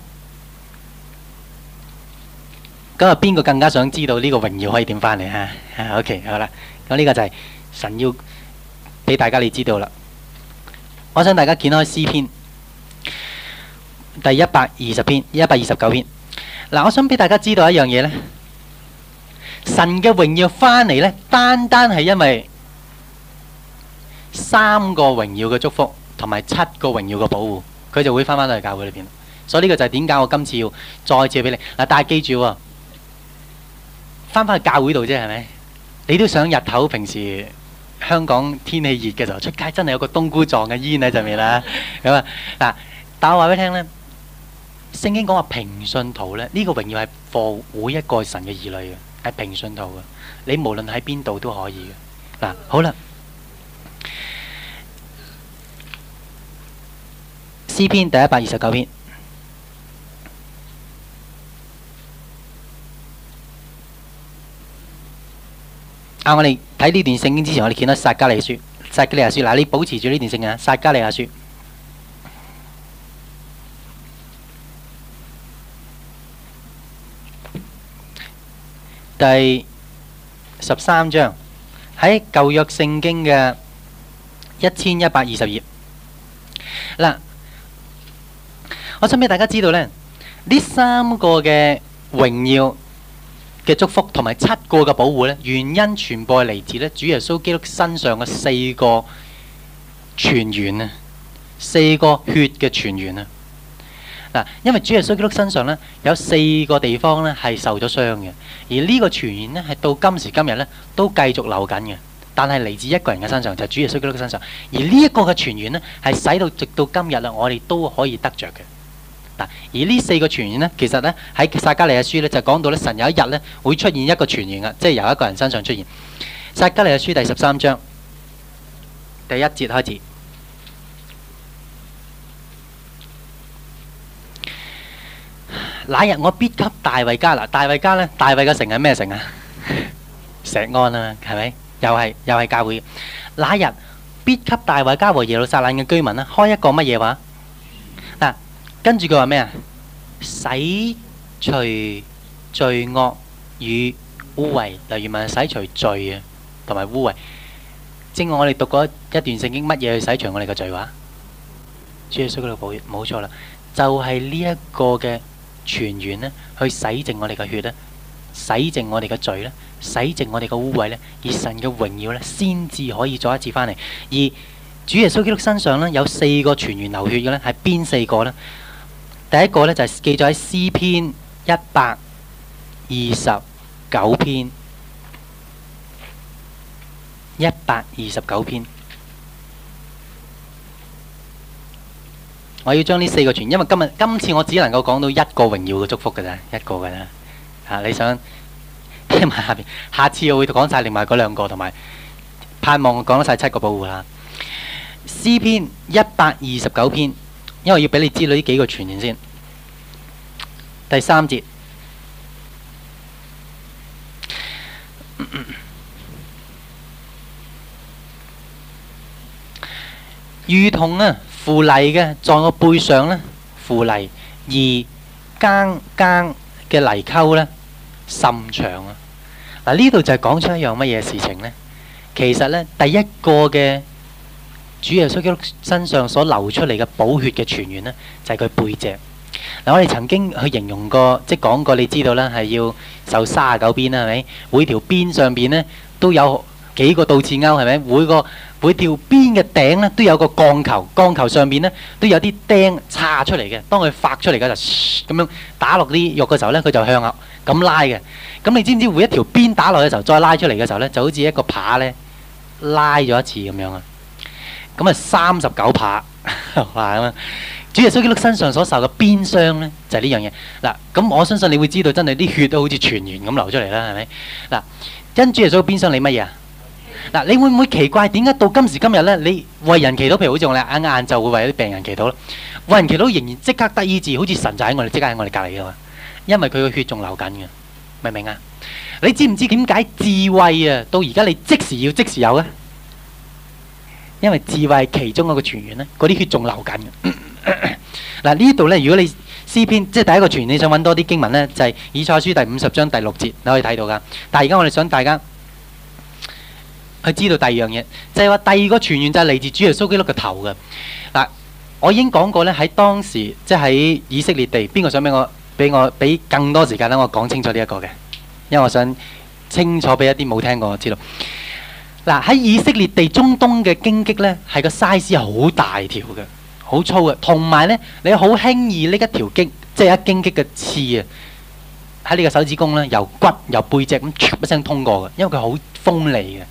咁啊，邊個更加想知道呢個榮耀可以點翻嚟啊？OK，好啦，咁呢個就係神要俾大家你知道啦。我想大家見開詩篇。第一百二十篇，一百二十九篇。嗱，我想俾大家知道一樣嘢咧，神嘅榮耀翻嚟咧，單單係因為三個榮耀嘅祝福同埋七個榮耀嘅保護，佢就會翻翻到去教會裏邊。所以呢個就係點解我今次要再次俾你。嗱，大家記住喎，翻翻去教會度啫，係咪？你都想日頭平時香港天氣熱嘅時候出街，真係有個冬菇狀嘅煙喺上面啦。咁啊嗱，但我話俾你聽咧。聖經講話平信徒咧，呢個榮耀係服每一個神嘅兒女嘅，係平信徒嘅。你無論喺邊度都可以嘅。嗱，好啦，詩篇第一百二十九篇。啊，我哋睇呢段聖經之前，我哋見到撒加利亞書，撒加利亞書。嗱，你保持住呢段聖經啊，撒加利亞書。第十三章喺舊約聖經嘅一千一百二十頁，嗱，我想俾大家知道呢，呢三個嘅榮耀嘅祝福同埋七個嘅保護咧，原因全部嚟自咧主耶穌基督身上嘅四個泉源啊，四個血嘅泉源啊。因為主耶穌基督身上咧有四個地方咧係受咗傷嘅，而呢個泉源呢，係到今時今日咧都繼續流緊嘅，但係嚟自一個人嘅身上，就係、主耶穌基督身上，而呢一個嘅泉源呢，係使到直到今日啦，我哋都可以得着嘅。嗱，而呢四個泉源呢，其實呢，喺撒迦利亞書咧就講到咧，神有一日咧會出現一個泉源嘅，即係由一個人身上出現。撒迦利亞書第十三章第一節開始。那日我必給大衛家嗱，大衛家呢，大衛嘅城係咩城啊？石安啊，係咪？又係又係教會。那日必給大衛家和耶路撒冷嘅居民呢，開一個乜嘢話嗱？跟住佢話咩啊？洗除罪惡與污穢，例如問洗除罪啊，同埋污穢。正如我哋讀過一段聖經，乜嘢去洗除我哋嘅罪話？主耶穌嘅道報約冇錯啦，就係呢一個嘅。全源咧，去洗淨我哋嘅血咧，洗淨我哋嘅罪咧，洗淨我哋嘅污穢咧，以神嘅榮耀咧，先至可以再一次翻嚟。而主耶穌基督身上咧有四個全源流血嘅咧，係邊四個呢？第一個咧就係記載喺詩篇一百二十九篇，一百二十九篇。我要將呢四個傳，因為今日今次我只能夠講到一個榮耀嘅祝福嘅啫，一個嘅啦。嚇、啊，你想聽埋 下邊？下次我會講晒另外嗰兩個，同埋盼望我講晒七個保護啦。詩篇一百二十九篇，因為要俾你知道呢幾個傳言先。第三節，如同 啊。扶犁嘅喺我背上咧，扶犁而更更嘅犁溝咧甚長啊！嗱，呢度就係講出一樣乜嘢事情呢？其實呢，第一個嘅主耶穌基督身上所流出嚟嘅寶血嘅泉源呢，就係、是、佢背脊。嗱、啊，我哋曾經去形容過，即係講過，你知道啦，係要受三十九鞭啦，係咪？每條鞭上邊呢，都有。幾個倒刺鈎係咪？每個每條邊嘅頂咧都有個鋼球，鋼球上面咧都有啲釘叉出嚟嘅。當佢發出嚟嘅就咁樣打落啲肉嘅時候咧，佢就向下咁拉嘅。咁你知唔知每一條邊打落嘅時候，再拉出嚟嘅時候咧，就好似一個把咧拉咗一次咁樣啊？咁啊，三十九把話啊，主耶穌基督身上所受嘅鞭傷咧就係呢樣嘢嗱。咁我相信你會知道真，真係啲血都好似全然咁流出嚟啦，係咪嗱？因主耶穌嘅鞭傷你乜嘢啊？嗱，你會唔會奇怪點解到今時今日咧？你為人祈禱，譬如好似我哋晏晏晝會為啲病人祈禱啦，為人祈禱仍然即刻得醫治，好似神就喺我哋，即刻喺我哋隔籬嘅嘛。因為佢嘅血仲流緊嘅，明唔明啊？你知唔知點解智慧啊？到而家你即時要即時有咧？因為智慧其中一個泉源咧，嗰啲血仲流緊嘅。嗱、 呃、呢度咧，如果你詩篇即係第一個泉源，你想揾多啲經文咧，就係、是、以賽書第五十章第六節，你可以睇到噶。但係而家我哋想大家。佢知道第二樣嘢，就係話第二個傳言就係嚟自主耶穌基督嘅頭嘅。嗱，我已經講過咧，喺當時即喺以色列地，邊個想俾我俾我俾更多時間咧？我講清楚呢一個嘅，因為我想清楚俾一啲冇聽過我知道。嗱，喺以色列地中東嘅荊棘咧，係個 size 好大條嘅，好粗嘅，同埋咧，你好輕易拎一條荊，即係一荊棘嘅刺啊，喺你個手指公咧，由骨由背脊咁唰一聲通過嘅，因為佢好鋒利嘅。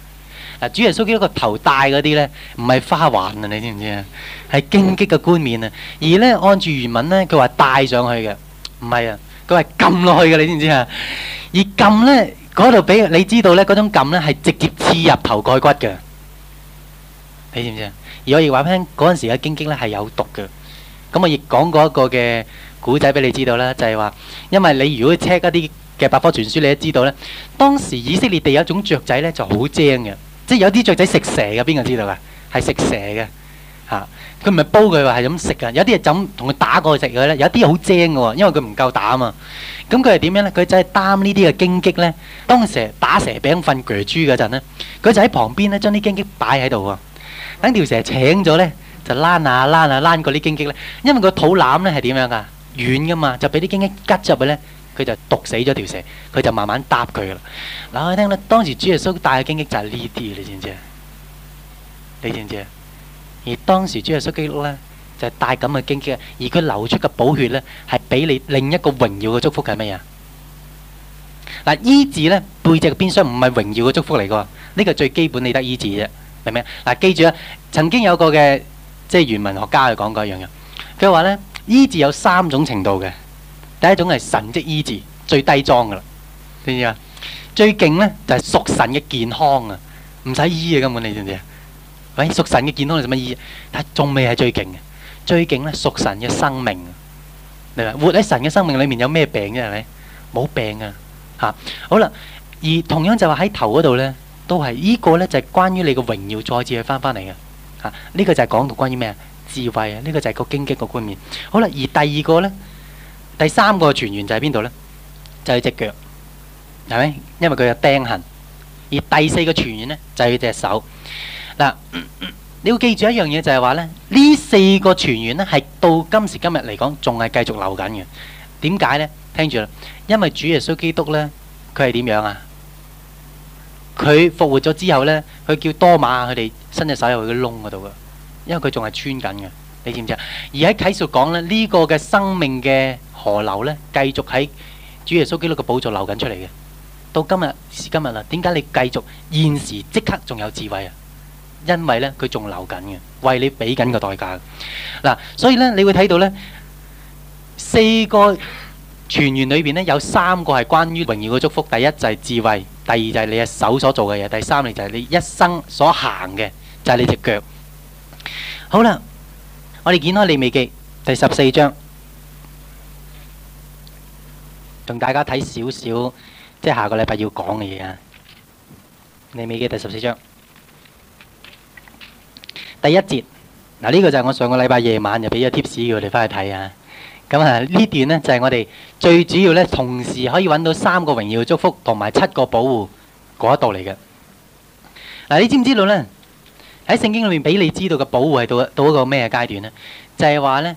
主耶穌嗰個頭戴嗰啲呢，唔係花環啊！你知唔知啊？係荊棘嘅冠冕啊。而呢，按住原文呢，佢話戴上去嘅，唔係啊。佢話撳落去嘅，你知唔知啊？而撳呢，嗰度俾你知道呢，嗰種撳呢係直接刺入頭蓋骨嘅。你知唔知啊？而我亦話翻嗰陣時嘅荊棘呢係有毒嘅。咁我亦講過一個嘅古仔俾你知道啦，就係話，因為你如果 check 啲嘅百科全書，你都知道呢，當時以色列地有一種雀仔呢就好精嘅。即係有啲雀仔食蛇嘅，邊個知道啊？係食蛇嘅，嚇佢唔係煲佢話係咁食嘅。有啲就咁同佢打過去食佢咧。有啲好精嘅喎，因為佢唔夠膽啊嘛。咁佢係點樣咧？佢就係擔呢啲嘅荊棘咧。當蛇打蛇餅瞓覺豬嗰陣咧，佢就喺旁邊咧將啲荊棘擺喺度喎。等條蛇請咗咧，就攣下攣下攣過啲荊棘咧。因為個肚腩咧係點樣㗎？軟㗎嘛，就俾啲荊棘拮入去咧。佢就毒死咗條蛇，佢就慢慢答佢啦。嗱，我聽咧，當時主耶穌戴嘅荊棘就係呢啲，你知唔知啊？你知唔知啊？而當時主耶穌基督呢、就係、荊棘咧就係戴咁嘅荊棘，而佢流出嘅寶血咧係俾你另一個榮耀嘅祝福，係乜嘢？嗱，醫治咧背脊嘅鞭傷唔係榮耀嘅祝福嚟嘅，呢個最基本你得醫治啫，明唔明啊？嗱，記住啊，曾經有個嘅即係原文學家去講過一樣嘅，佢話咧醫治有三種程度嘅。第一種係神跡醫治，最低莊噶啦。點啊？最勁咧就係、是、屬神嘅健康啊，唔使醫啊。根本你知唔知啊？喂，屬神嘅健康係做乜醫？但仲未係最勁嘅，最勁咧屬神嘅生命，明白？活喺神嘅生命裏面有咩病嘅？啫？咪？冇病啊？吓，好啦。而同樣就話喺頭嗰度咧，都係、這個、呢個咧就係、是、關於你嘅榮耀再次去翻翻嚟嘅。吓、啊，呢、這個就係講到關於咩啊？智慧啊，呢、這個就係個荊棘個觀念。好啦，而第二個咧。第三個傳源就係邊度咧？就係隻腳，係咪？因為佢有釘痕。而第四個傳源咧就係隻手。嗱，你要記住一樣嘢就係話咧，呢四個傳源咧係到今時今日嚟講仲係繼續流緊嘅。點解咧？聽住啦，因為主耶穌基督咧，佢係點樣啊？佢復活咗之後咧，佢叫多馬，佢哋伸隻手入去個窿嗰度㗎，因為佢仲係穿緊嘅。你知唔知啊？而喺啟述講咧，呢個嘅生命嘅。河流咧，繼續喺主耶穌基督嘅寶座流緊出嚟嘅，到今日是今日啦。點解你繼續現時即刻仲有智慧啊？因為咧佢仲流緊嘅，為你俾緊個代價。嗱，所以咧你會睇到咧四個泉源裏邊咧有三個係關於榮耀嘅祝福。第一就係智慧，第二就係你嘅手所做嘅嘢，第三咧就係你一生所行嘅，就係你隻腳。好啦，我哋展開利未記第十四章。同大家睇少少，即係下個禮拜要講嘅嘢啊！你未記第十四章，第一節。嗱，呢個就係我上個禮拜夜晚就俾咗貼士叫我哋翻去睇啊！咁啊呢段呢就係、是、我哋最主要呢，同時可以搵到三個榮耀祝福同埋七個保護嗰一度嚟嘅。嗱、啊，你知唔知道呢？喺聖經裏面俾你知道嘅保護係到到一個咩階段呢？就係、是、話呢。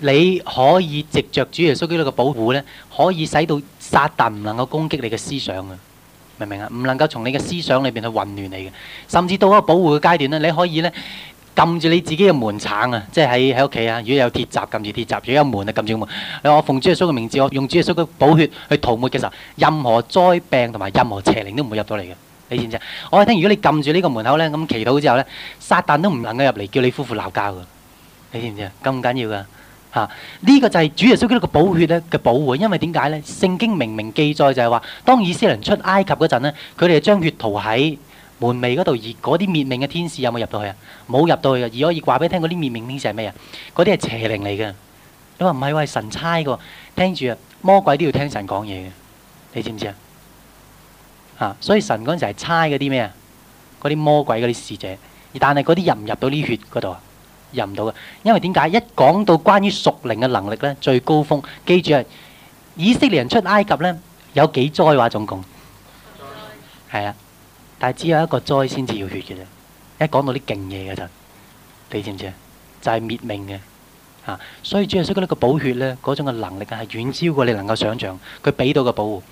你可以藉着主耶穌基督嘅保護咧，可以使到撒旦唔能夠攻擊你嘅思想嘅，明唔明啊？唔能夠從你嘅思想裏邊去混亂你嘅，甚至到一個保護嘅階段咧，你可以咧撳住你自己嘅門鏟啊，即係喺喺屋企啊，如果有鐵閘撳住鐵閘，如果有門啊撳住門。你話我奉主耶穌嘅名字，我用主耶穌嘅寶血去塗抹嘅時候，任何災病同埋任何邪靈都唔會入到嚟嘅。你知唔知啊？我聽，如果你撳住呢個門口咧，咁祈禱之後咧，撒旦都唔能夠入嚟叫你夫婦鬧交嘅。你知唔知啊？咁緊要噶。嚇！呢個就係主耶穌基督嘅寶血咧嘅保護，因為點解呢？聖經明明記載就係話，當以色列人出埃及嗰陣佢哋係將血塗喺門楣嗰度，而嗰啲滅命嘅天使有冇入到去啊？冇入到去啊！而可以話俾你聽，嗰啲滅命天使係咩啊？嗰啲係邪靈嚟嘅。你話唔係喎？神差嘅，聽住啊！魔鬼都要聽神講嘢嘅，你知唔知啊？嚇、啊！所以神嗰陣時係差嗰啲咩啊？嗰啲魔鬼嗰啲使者，但係嗰啲入唔入到啲血嗰度啊？入唔到嘅，因為點解？一講到關於屬靈嘅能力咧，最高峰，記住係，以色列人出埃及咧，有幾災話總共？災係啊，但係只有一個災先至要血嘅啫。一講到啲勁嘢嘅就，你知唔知啊？就係、是、滅命嘅嚇。所以主耶穌講呢個寶血咧，嗰種嘅能力係遠超過你能夠想像，佢俾到嘅保護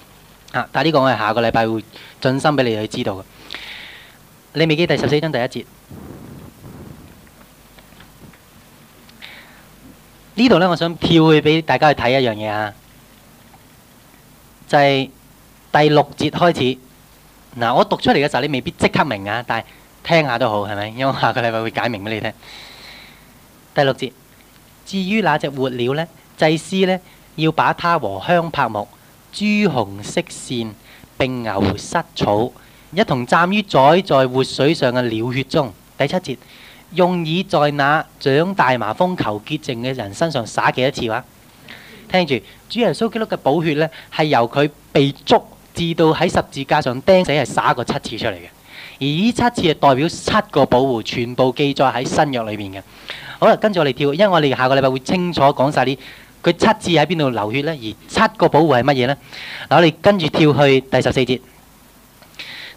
嚇。但係呢個我係下個禮拜會進深俾你去知道嘅。你未記第十四章第一節？呢度呢，我想跳去俾大家去睇一樣嘢啊，就係第六節開始。嗱，我讀出嚟嘅時候，你未必即刻明啊，但係聽下都好，係咪？因為下個禮拜會解明俾你聽。第六節，至於那隻活鳥呢，祭司呢，要把它和香柏木、朱紅色線並牛膝草一同浸於宰在活水上嘅鳥血中。第七節。用以在那長大麻風、求潔淨嘅人身上撒幾多次話、啊？聽住，主耶穌基督嘅寶血呢，係由佢被捉至到喺十字架上釘死係撒過七次出嚟嘅。而呢七次係代表七個保護，全部記載喺新約裏面嘅。好啦，跟住我哋跳，因為我哋下個禮拜會清楚講晒啲佢七次喺邊度流血呢？而七個保護係乜嘢呢？嗱，我哋跟住跳去第十四節。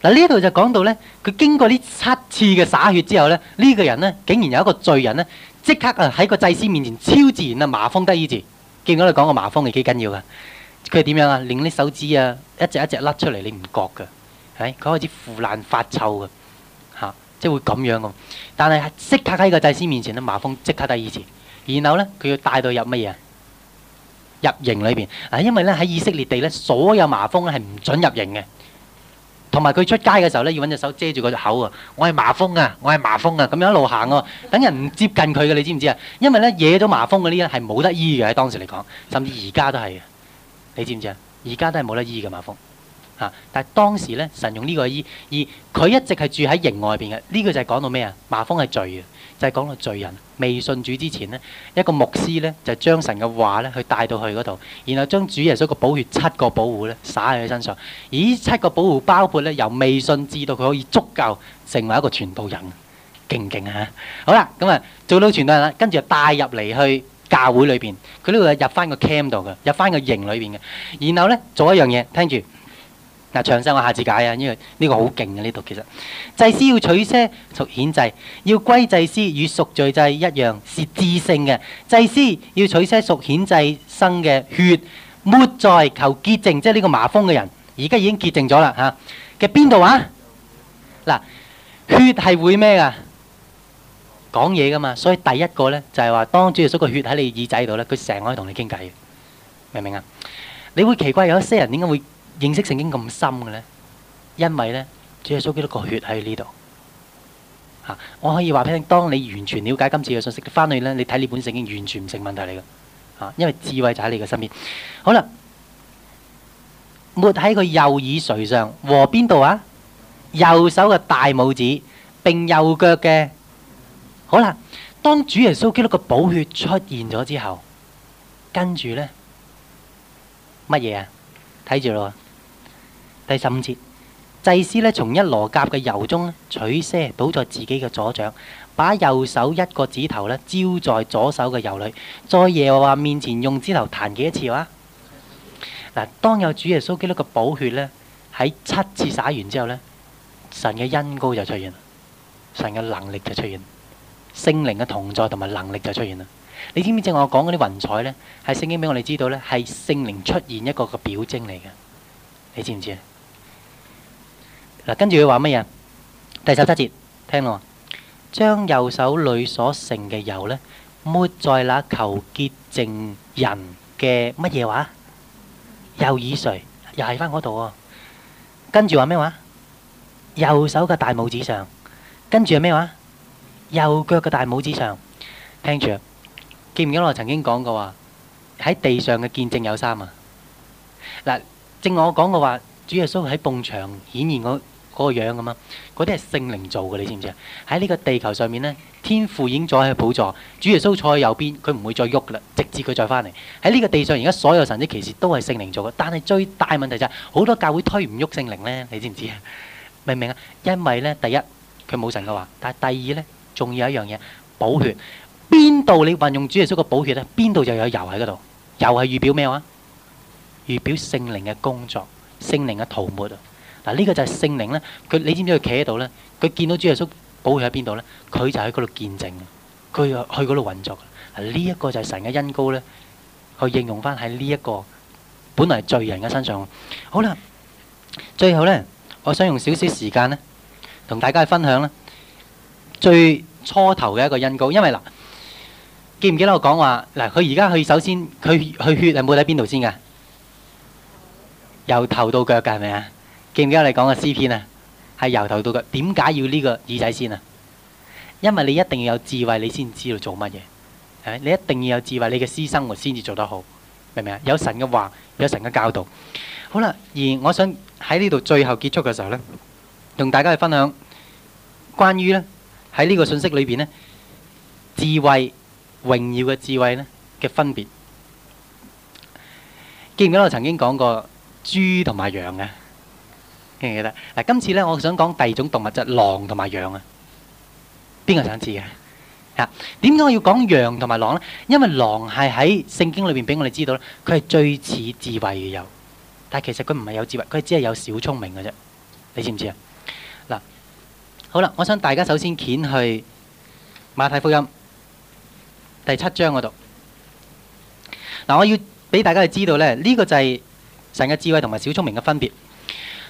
嗱，呢度就講到咧，佢經過呢七次嘅灑血之後咧，呢、呢個人呢竟然有一個罪人呢，即刻啊喺個祭司面前超自然啊，麻風得醫治。記唔記得我哋講過麻風係幾緊要噶？佢點樣啊？連啲手指啊一隻一隻甩出嚟，你唔覺噶？係佢開始腐爛發臭噶，嚇，即係會咁樣噶。但係即刻喺個祭司面前呢，麻風即刻得醫治。然後咧，佢要帶到入乜嘢？入營裏邊啊，因為咧喺以色列地咧，所有麻風咧係唔準入營嘅。同埋佢出街嘅時候咧，要揾隻手遮住嗰隻口啊！我係麻風啊，我係麻風啊！咁樣一路行啊，等人唔接近佢嘅，你知唔知啊？因為咧，惹咗麻風嗰啲咧係冇得醫嘅，喺當時嚟講，甚至而家都係嘅。你知唔知啊？而家都係冇得醫嘅麻風。嚇！但係當時咧，神用呢個醫而佢，一直係住喺營外邊嘅。呢、這個就係講到咩啊？麻風係罪啊！就係講到罪人未信主之前呢，一個牧師呢，就係、將神嘅話呢去帶到去嗰度，然後將主耶穌嘅寶血七個保護呢灑喺佢身上。而呢七個保護包括呢，由未信至到佢可以足夠成為一個傳道人，勁唔勁啊？好啦，咁、嗯、啊做到傳道人，跟住就帶入嚟去教會裏邊，佢呢度入翻個 cam 度嘅，入翻個營裏邊嘅，然後呢，做一樣嘢，聽住。嗱，詳細我下次解啊！因為呢個呢個好勁嘅呢度其實，祭司要取些贖愆祭，要歸祭司與贖罪祭一樣，是至聖嘅祭司要取些贖愆祭牲嘅血，抹在求潔淨，即係呢個麻風嘅人，而家已經潔淨咗啦嚇。嘅邊度啊？嗱、啊，血係會咩噶？講嘢噶嘛，所以第一個咧就係、是、話，當主耶穌嘅血喺你耳仔度咧，佢成日可以同你傾偈嘅，明唔明啊？你會奇怪有一些人點解會？認識聖經咁深嘅咧，因為咧，主耶穌基督個血喺呢度嚇，我可以話俾你，當你完全了解今次嘅信息，翻去咧，你睇呢本聖經完全唔成問題嚟嘅嚇，因為智慧就喺你嘅身邊。好啦，抹喺個右耳垂上和邊度啊？右手嘅大拇指並右腳嘅。好啦，當主耶穌基督嘅寶血出現咗之後，跟住咧乜嘢啊？睇住咯。第十五節，祭司咧從一羅甲嘅油中取些，倒在自己嘅左掌，把右手一個指頭咧蘸在左手嘅油裏，在耶和華面前用指頭彈幾多次哇？嗱，當有主耶穌基督嘅寶血咧喺七次灑完之後咧，神嘅恩膏就出現，神嘅能力就出現，聖靈嘅同在同埋能力就出現啦。你知唔知正我講嗰啲雲彩咧，係聖經俾我哋知道咧，係聖靈出現一個嘅表徵嚟嘅，你知唔知啊？嗱，跟住佢話乜嘢？第十七節，聽落，將右手裏所剩嘅油咧，抹在那求潔淨人嘅乜嘢話？右耳垂，又係翻嗰度喎。跟住話咩話？右手嘅大拇指上，跟住又咩話？右腳嘅大拇指上，聽住啊！記唔記得我曾經講過話？喺地上嘅見證有三啊！嗱，正我講嘅話，主耶穌喺墳場顯現我。嗰個樣嘅嘛，嗰啲係聖靈做嘅，你知唔知啊？喺呢個地球上面呢，天父已經坐喺寶座，主耶穌坐喺右邊，佢唔會再喐噶啦，直至佢再翻嚟。喺呢個地上，而家所有神蹟其實都係聖靈做嘅，但係最大問題就係好多教會推唔喐聖靈呢，你知唔知啊？明唔明啊？因為呢，第一佢冇神嘅話，但係第二呢，仲要有一樣嘢寶血。邊度你運用主耶穌嘅寶血呢？邊度就有油喺嗰度？油係預表咩話？預表聖靈嘅工作，聖靈嘅塗抹。嗱呢個就係聖靈咧，佢你知唔知佢企喺度咧？佢見到主耶穌保佑喺邊度咧？佢就喺嗰度見證，佢去嗰度運作。係呢一個就係神嘅恩膏咧，去應用翻喺呢一個本來罪人嘅身上。好啦，最後咧，我想用少少時間咧，同大家分享咧最初頭嘅一個恩膏，因為嗱，記唔記得我講話嗱？佢而家佢首先佢佢血係冇喺邊度先㗎，由頭到腳㗎係咪啊？記唔記得你哋講嘅詩篇啊？係由頭到腳，點解要呢個耳仔先啊？因為你一定要有智慧，你先知道做乜嘢。係咪？你一定要有智慧，你嘅詩生活先至做得好，明唔明啊？有神嘅話，有神嘅教導。好啦，而我想喺呢度最後結束嘅時候咧，同大家去分享關於咧喺呢個信息裏邊咧智慧榮耀嘅智慧咧嘅分別。記唔記得我曾經講過豬同埋羊啊。記得嗱，今次咧，我想講第二種動物，就係狼同埋羊啊。邊個想知嘅吓？點解我要講羊同埋狼咧？因為狼係喺聖經裏邊俾我哋知道咧，佢係最似智慧嘅有，但係其實佢唔係有智慧，佢只係有小聰明嘅啫。你知唔知啊？嗱，好啦，我想大家首先掀去馬太福音第七章嗰度。嗱，我要俾大家去知道咧，呢個就係神嘅智慧同埋小聰明嘅分別。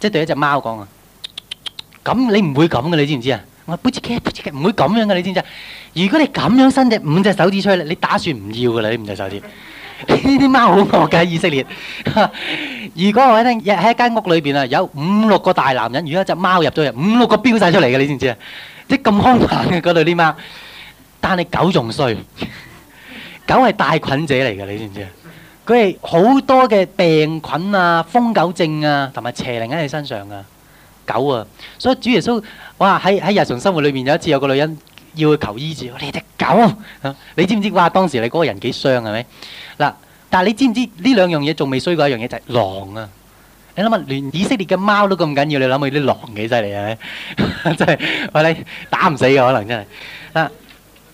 即係對一隻貓講啊，咁你唔會咁嘅，你知唔知啊？我話 pozker pozker，唔會咁樣嘅，你知唔知啊？如果你咁樣伸隻五隻手指出去，你打算唔要嘅啦？你五隻手指，呢啲貓好惡㗎，以色列。如果我喺一喺一間屋裏邊啊，有五六個大男人如果一隻貓入咗入，五六個飈曬出嚟嘅，你知唔知啊？即係咁兇殘嘅嗰對啲貓，但係狗仲衰，狗係大菌者嚟嘅，你知唔知啊？所以好多嘅病菌啊、瘋狗症啊，同埋邪靈喺你身上噶狗啊，所以主耶穌哇喺喺日常生活裏面有一次有個女人要去求醫治，你隻狗，你知唔知哇？當時你嗰個人幾傷係咪？嗱，但係你知唔知呢兩樣嘢仲未衰過一樣嘢就係狼啊！你諗下，連以色列嘅貓都咁緊要，你諗下啲狼幾犀利啊！真係我哋打唔死嘅可能真係嗱。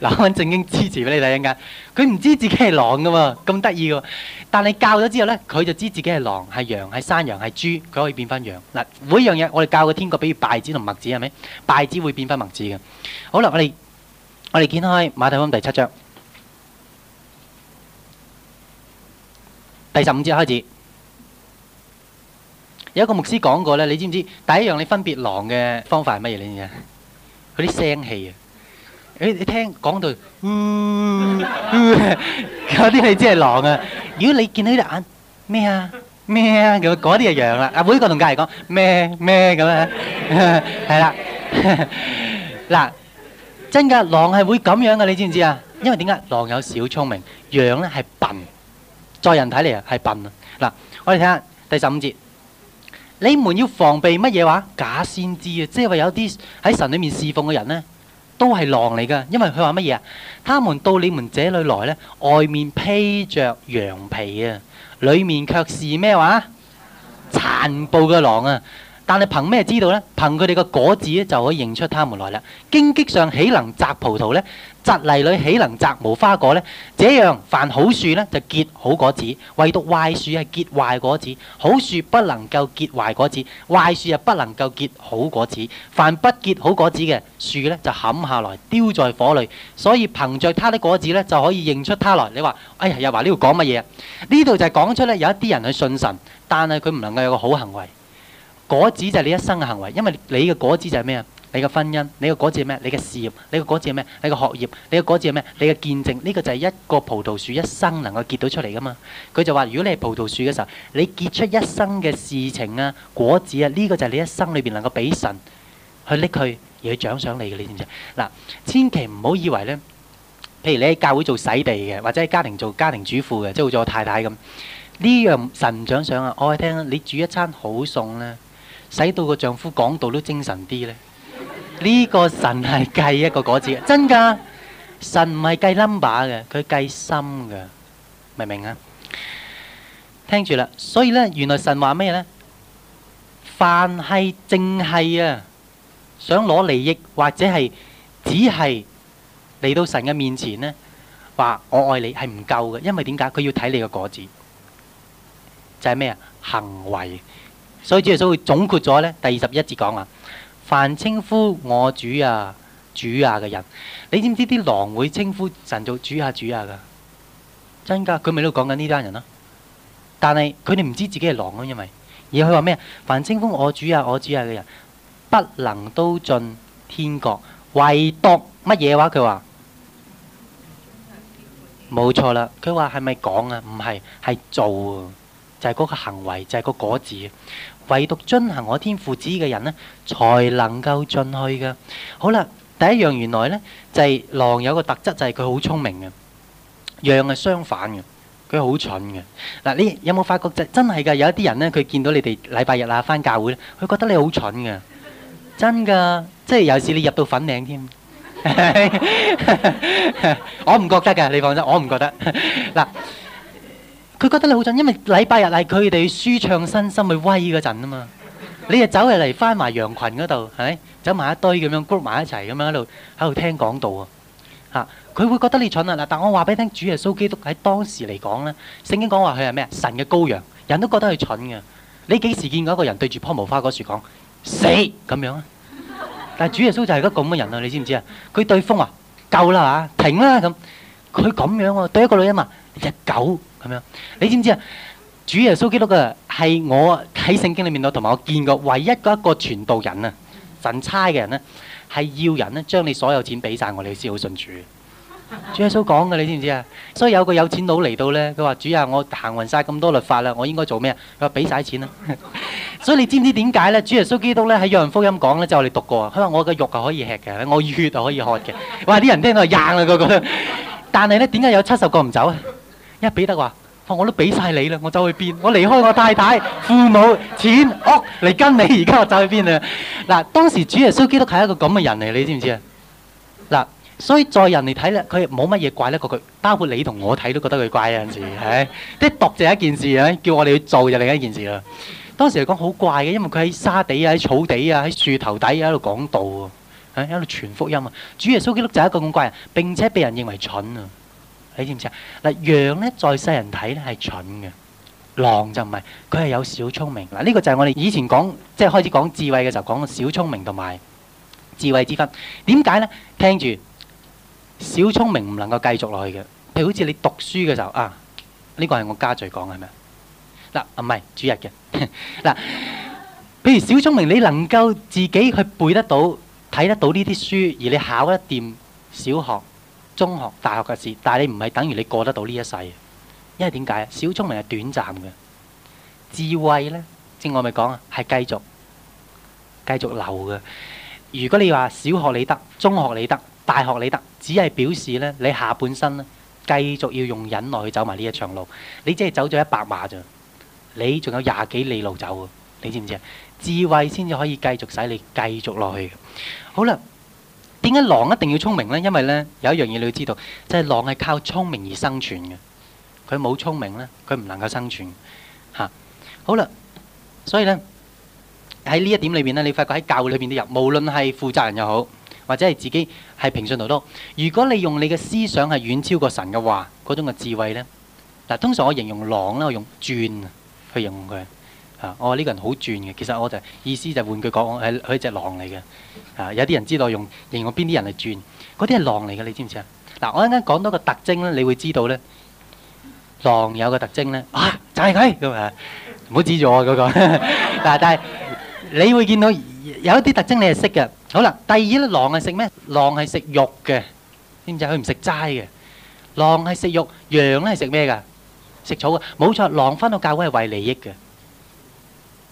嗱，我正經支持俾你睇一眼，佢唔知自己係狼噶喎，咁得意喎。但你教咗之後咧，佢就知自己係狼、係羊、係山羊、係豬，佢可以變翻羊。嗱，每樣嘢我哋教嘅天國，比如稗子同麥子係咪？稗子會變翻麥子嘅。好啦，我哋我哋見開馬太福音第七章，第十五節開始，有一個牧師講過咧，你知唔知？第一樣你分別狼嘅方法係乜嘢咧？佢啲聲氣啊！誒，聽講到，佢啲嚟真係狼啊，如果你見到啲眼，咩啊，咩啊，咁嗰啲就羊啦。啊，每個同隔籬講，咩咩咁樣，係啦。嗱，真噶狼係會咁樣噶，你知唔知啊？因為點解狼有小聰明，羊咧係笨，在人睇嚟啊係笨。嗱，我哋睇下第十五節，你們要防備乜嘢話假先知啊？即係話有啲喺神裏面侍奉嘅人咧。都係狼嚟噶，因為佢話乜嘢啊？他們到你們這裏來咧，外面披着羊皮啊，裏面卻是咩話？殘暴嘅狼啊！但係憑咩知道咧？憑佢哋嘅果子咧，就可以認出他們來啦。荊棘上豈能摘葡萄咧？摘藜裡豈能摘無花果呢？這樣凡好樹呢，就結好果子，唯獨壞樹係結壞果子。好樹不能夠結壞果子，壞樹又不能夠結好果子。凡不結好果子嘅樹呢，就砍下來丟在火裏。所以憑着它的果子呢，就可以認出它來。你話：哎呀，日華呢度講乜嘢？呢度就係講出咧，有一啲人去信神，但係佢唔能夠有個好行為。果子就係你一生嘅行為，因為你嘅果子就係咩啊？你嘅婚姻，你嘅果子係咩？你嘅事業，你嘅果子係咩？你嘅學業，你嘅果子係咩？你嘅見證呢個就係一個葡萄樹一生能夠結到出嚟噶嘛。佢就話：如果你係葡萄樹嘅時候，你結出一生嘅事情啊果子啊，呢、這個就係你一生裏邊能夠俾神去拎佢而去獎賞你嘅，你知唔知？嗱，千祈唔好以為呢，譬如你喺教會做洗地嘅，或者喺家庭做家庭主婦嘅，即係做太太咁呢樣、這個、神唔獎賞啊。我、哎、係聽你煮一餐好餸咧，使到個丈夫講道都精神啲咧。呢個神係計一個果子，真㗎！神唔係計 number 嘅，佢計心嘅，明唔明啊？聽住啦，所以咧，原來神話咩咧？凡係淨係啊，想攞利益或者係只係嚟到神嘅面前咧，話我愛你係唔夠嘅，因為點解？佢要睇你嘅果子，就係咩啊？行為。所以只係所以總括咗咧，第二十一節講啊。凡稱呼我主啊，主啊嘅人，你知唔知啲狼會稱呼神做主啊，主啊噶？真噶，佢咪都講緊呢班人咯、啊。但係佢哋唔知自己係狼啊，因為而佢話咩啊？凡稱呼我主啊，我主啊嘅人，不能都進天國，唯獨乜嘢話？佢話：冇錯啦，佢話係咪講啊？唔係，係做啊，就係、是、嗰個行為，就係、是、個果子。唯獨遵行我天父旨意嘅人呢，才能夠進去嘅。好啦，第一樣原來呢，就係、是、狼有個特質就係佢好聰明嘅，羊係相反嘅，佢好蠢嘅。嗱，你有冇發覺就是、真係㗎？有一啲人呢，佢見到你哋禮拜日啊返教會咧，佢覺得你好蠢嘅，真㗎，即係有時你入到粉領添。 我唔覺得㗎，你放心，我唔覺得。嗱。佢覺得你好蠢，因為禮拜日係佢哋舒暢身心、去威嗰陣啊嘛，你就走入嚟翻埋羊羣嗰度，係咪？走埋一堆咁樣 group 埋一齊，咁樣喺度喺度聽講道啊！嚇，佢會覺得你蠢啊！嗱，但我話俾你聽，主耶穌基督喺當時嚟講咧，聖經講話佢係咩？神嘅羔羊，人都覺得佢蠢嘅。你幾時見過一個人對住棵無花果樹講死咁樣啊？但係主耶穌就係一個咁嘅人啊！你知唔知啊？佢對風啊，夠啦嚇，停啦咁。佢咁樣啊，對一個女人啊！隻狗咁樣，你知唔知啊？主耶穌基督啊，係我喺聖經裏面度同埋我見過唯一嗰一個傳道人啊，神差嘅人咧，係要人咧將你所有錢俾晒我哋先好信主。主耶穌講嘅你知唔知啊？所以有個有錢佬嚟到呢，佢話：主啊，我行勻晒咁多律法啦，我應該做咩啊？佢話：俾晒錢啊！ 」所以你知唔知點解呢？主耶穌基督呢，喺約翰福音講呢，就係、是、你讀過啊！佢話：我嘅肉係可以吃嘅，我血係可以喝嘅。哇！啲人聽到硬啊嗰個，但係呢，點解有七十個唔走啊？一俾得話，我我都俾晒你啦，我走去邊？我離開我太太、父母、錢、屋嚟跟你，而家我走去邊啊？嗱，當時主耶穌基督係一個咁嘅人嚟，你知唔知啊？嗱，所以在人嚟睇咧，佢冇乜嘢怪得過佢，包括你同我睇都覺得佢怪啊！陣時，唉，即係奪就一件事啊，叫我哋去做就另一件事啦。當時嚟講好怪嘅，因為佢喺沙地啊、喺草地啊、喺樹頭底啊喺度講道啊，喺喺度傳福音啊。主耶穌基督就係一個咁怪人，並且俾人認為蠢啊。你知唔知啊？嗱，羊咧在世人睇咧係蠢嘅，狼就唔係，佢係有小聰明。嗱，呢個就係我哋以前講，即係開始講智慧嘅時候講小聰明同埋智慧之分。點解咧？聽住，小聰明唔能夠繼續落去嘅，譬如好似你讀書嘅時候啊，呢個係我家長講係咪啊？嗱，唔係主日嘅嗱。譬如小聰明，你能夠自己去背得到、睇得到呢啲書，而你考得掂小學。中學、大學嘅事，但係你唔係等於你過得到呢一世，因為點解啊？小聰明係短暫嘅，智慧呢，正我咪講啊，係繼續、繼續留嘅。如果你話小學你得、中學你得、大學你得，只係表示呢，你下半生呢，繼續要用忍耐去走埋呢一場路，你只係走咗一百碼咋，你仲有廿幾里路走嘅，你知唔知啊？智慧先至可以繼續使你繼續落去嘅。好啦。點解狼一定要聰明呢？因為呢，有一樣嘢，你要知道，就係、是、狼係靠聰明而生存嘅。佢冇聰明呢，佢唔能夠生存吓、啊。好啦，所以呢，喺呢一點裏邊呢，你發覺喺教會裏邊啲人，無論係負責人又好，或者係自己係平信徒都好。如果你用你嘅思想係遠超過神嘅話，嗰種嘅智慧呢，嗱，通常我形容狼咧，我用轉去形容佢。我呢個人好轉嘅，其實我就意思就換句講，係佢隻狼嚟嘅。啊，有啲人知道用形容邊啲人係轉，嗰啲係狼嚟嘅，你知唔知啊？嗱，我一陣間講多個特徵咧，你會知道咧，狼有個特徵咧，啊，就係佢咁啊，唔好指住我嗰個。但係你會見到有一啲特徵你係識嘅。好啦，第二咧，狼係食咩？狼係食肉嘅，知唔知啊？佢唔食齋嘅。狼係食肉，羊咧係食咩噶？食草啊！冇錯，狼返到教會係為利益嘅。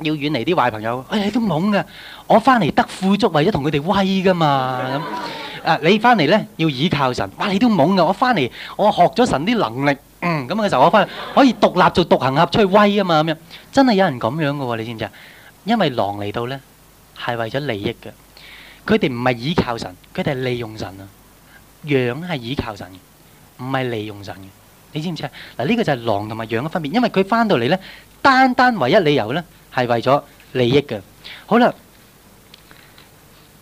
要遠離啲壞朋友。哎，你都懵㗎。我翻嚟得富足，為咗同佢哋威噶嘛咁。啊，你翻嚟咧要倚靠神。哇，你都懵㗎。我翻嚟，我學咗神啲能力，咁嘅時候我翻嚟可以獨立做獨行俠出去威啊嘛咁樣。真係有人咁樣㗎喎，你知唔知啊？因為狼嚟到咧係為咗利益嘅，佢哋唔係倚靠神，佢哋係利用神啊。羊係倚靠神，唔係利用神嘅。你知唔知啊？嗱，呢個就係狼同埋羊嘅分別，因為佢翻到嚟咧，單單唯一理由咧。係為咗利益嘅，好啦，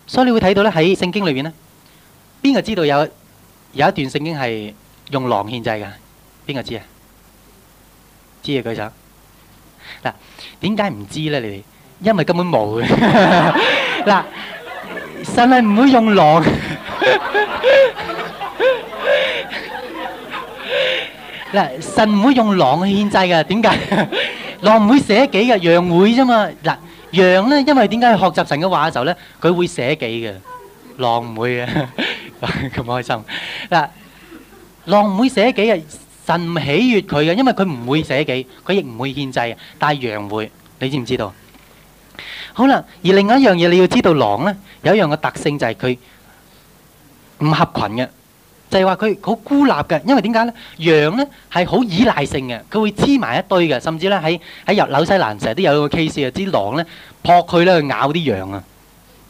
所以你會睇到咧喺聖經裏邊咧，邊個知道有有一段聖經係用狼獻祭噶？邊個知啊？知啊舉手。嗱，點解唔知咧？你哋，因為根本冇。嗱，神係唔會用狼。嗱，神唔會用狼去獻祭嘅，點解？狼唔會捨己嘅，羊會啫嘛。嗱，羊咧，因為點解學習神嘅話嘅時候咧，佢會捨己嘅，狼唔會嘅，咁開心。嗱，狼唔會捨己嘅，神唔喜悅佢嘅，因為佢唔會捨己，佢亦唔會獻祭嘅，但係羊會，你知唔知道？好啦，而另外一樣嘢你要知道，狼咧有一樣嘅特性就係佢唔合群嘅。就係話佢好孤立嘅，因為點解咧？羊咧係好依賴性嘅，佢會黐埋一堆嘅，甚至咧喺喺入紐西蘭成日都有個 case 啊，啲狼咧撲佢咧去咬啲羊啊，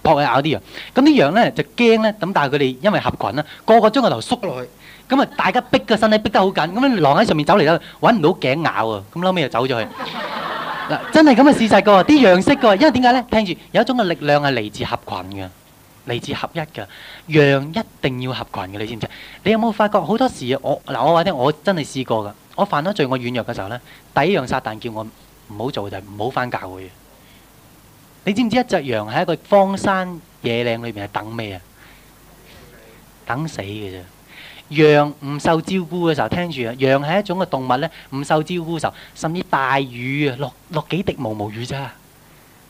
撲佢咬啲羊。咁啲羊咧就驚咧，咁但係佢哋因為合群咧，個個將個頭縮落去，咁啊大家逼個身體逼得好緊，咁樣狼喺上面走嚟咧揾唔到頸咬啊，咁後尾就走咗去。嗱，真係咁嘅事實㗎，啲羊識嘅，因為點解咧？聽住有一種嘅力量係嚟自合群嘅。嚟自合一嘅羊一定要合群嘅，你知唔知？你有冇發覺好多時我嗱，我話你聽，我真係試過噶。我犯咗罪，我軟弱嘅時候咧，第一樣撒旦叫我唔好做就係唔好翻教會。你知唔知一隻羊喺一個荒山野嶺裏邊係等咩啊？等死嘅啫。羊唔受照顧嘅時候，聽住啊，羊係一種嘅動物咧，唔受照顧嘅時候，甚至大雨啊，落落幾滴毛毛雨咋？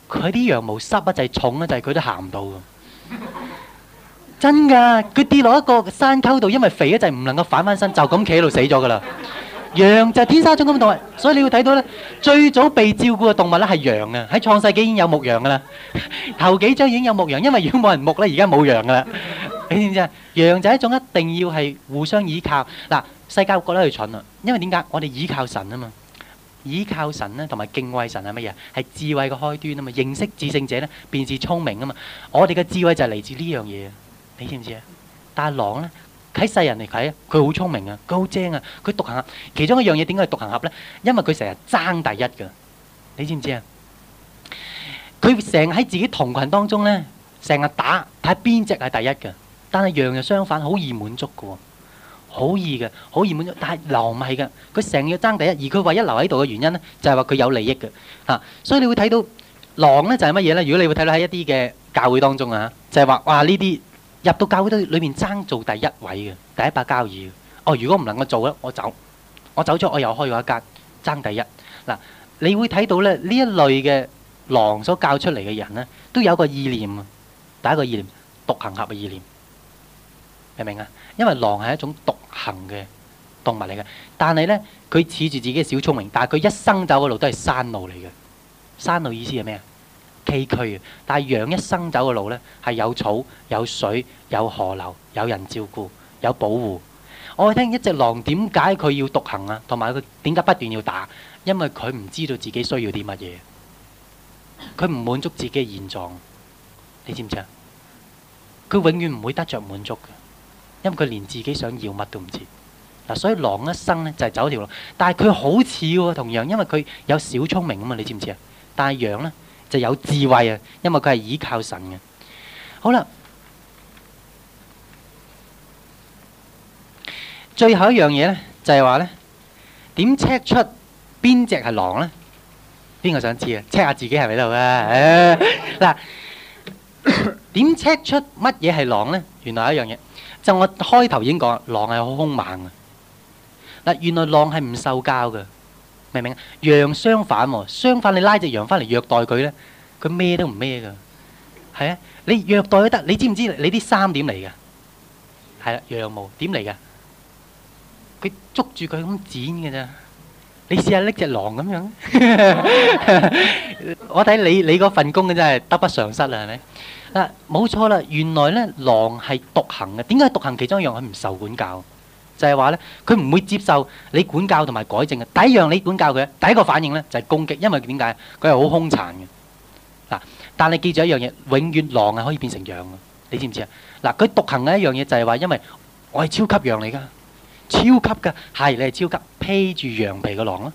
佢啲羊毛濕一陣、就係、重一陣，佢、就係、都行唔到。真噶，佢跌落一個山溝度，因為肥啊，就唔能夠反翻身，就咁企喺度死咗噶啦。羊就係天生中咁嘅動物，所以你會睇到咧，最早被照顧嘅動物咧係羊啊，喺創世紀已經有牧羊噶啦。 頭幾章已經有牧羊，因為已經冇人牧啦，而家冇羊噶啦。你知唔知啊？羊就係一種一定要係互相依靠嗱，世界會覺得佢蠢啊，因為點解？我哋依靠神啊嘛。倚靠神咧，同埋敬畏神係乜嘢？係智慧嘅開端啊嘛！認識至聖者咧，便是聰明啊嘛！我哋嘅智慧就係嚟自呢樣嘢，你知唔知啊？但係狼呢，喺世人嚟睇啊，佢好聰明啊，佢好精啊，佢獨行俠。其中一樣嘢點解係獨行俠呢？因為佢成日爭第一㗎，你知唔知啊？佢成日喺自己同群當中呢，成日打睇邊隻係第一㗎。但係羊就相反，好易滿足㗎。好易嘅，好易滿足，但係狼唔係嘅，佢成日爭第一，而佢唯一留喺度嘅原因呢，就係話佢有利益嘅嚇、啊，所以你會睇到狼呢，就係乜嘢呢？如果你會睇到喺一啲嘅教會當中啊，就係、是、話哇呢啲入到教會都裏面爭做第一位嘅，第一把交椅，哦如果唔能夠做呢，我走，我走咗我又開過一間爭第一，嗱、啊，你會睇到咧呢一類嘅狼所教出嚟嘅人呢，都有個意念啊，第一個意念獨行俠嘅意念。明唔明啊？因為狼係一種獨行嘅動物嚟嘅，但係咧佢恃住自己嘅小聰明，但係佢一生走嘅路都係山路嚟嘅。山路意思係咩啊？崎嶇啊。但係羊一生走嘅路咧係有草、有水、有河流、有人照顧、有保護。我聽一隻狼點解佢要獨行啊？同埋佢點解不斷要打？因為佢唔知道自己需要啲乜嘢，佢唔滿足自己嘅現狀，你知唔知啊？佢永遠唔會得着滿足。因為佢連自己想要乜都唔知，嗱，所以狼一生咧就係走條路，但係佢好似喎，同羊，因為佢有小聰明啊嘛，你知唔知啊？但係羊咧就有智慧啊，因為佢係倚靠神嘅。好啦，最後一樣嘢咧就係話咧，點 check 出邊隻係狼咧？邊個想知啊？check 下自己係咪度啦？嗱，點 check 出乜嘢係狼咧？原來有一樣嘢。就我開頭已經講，狼係好兇猛嘅。嗱，原來狼係唔受教嘅，明唔明？羊相反喎，相反你拉隻羊翻嚟虐待佢咧，佢咩都唔咩㗎，係啊？你虐待都得，你知唔知你啲衫點嚟嘅？係啦，羊毛點嚟㗎？佢捉住佢咁剪㗎咋？你試下拎隻狼咁樣，我睇你你嗰份工真係得不償失啦，係咪？冇錯啦，原來咧狼係獨行嘅。點解獨行其中一樣佢唔受管教？就係話咧，佢唔會接受你管教同埋改正嘅。第一樣你管教佢，第一個反應咧就係攻擊，因為點解？佢係好兇殘嘅。嗱，但係你記住一樣嘢，永遠狼係可以變成羊嘅，你知唔知啊？嗱，佢獨行嘅一樣嘢就係話，因為我係超級羊嚟噶，超級嘅係你係超級披住羊皮嘅狼啦，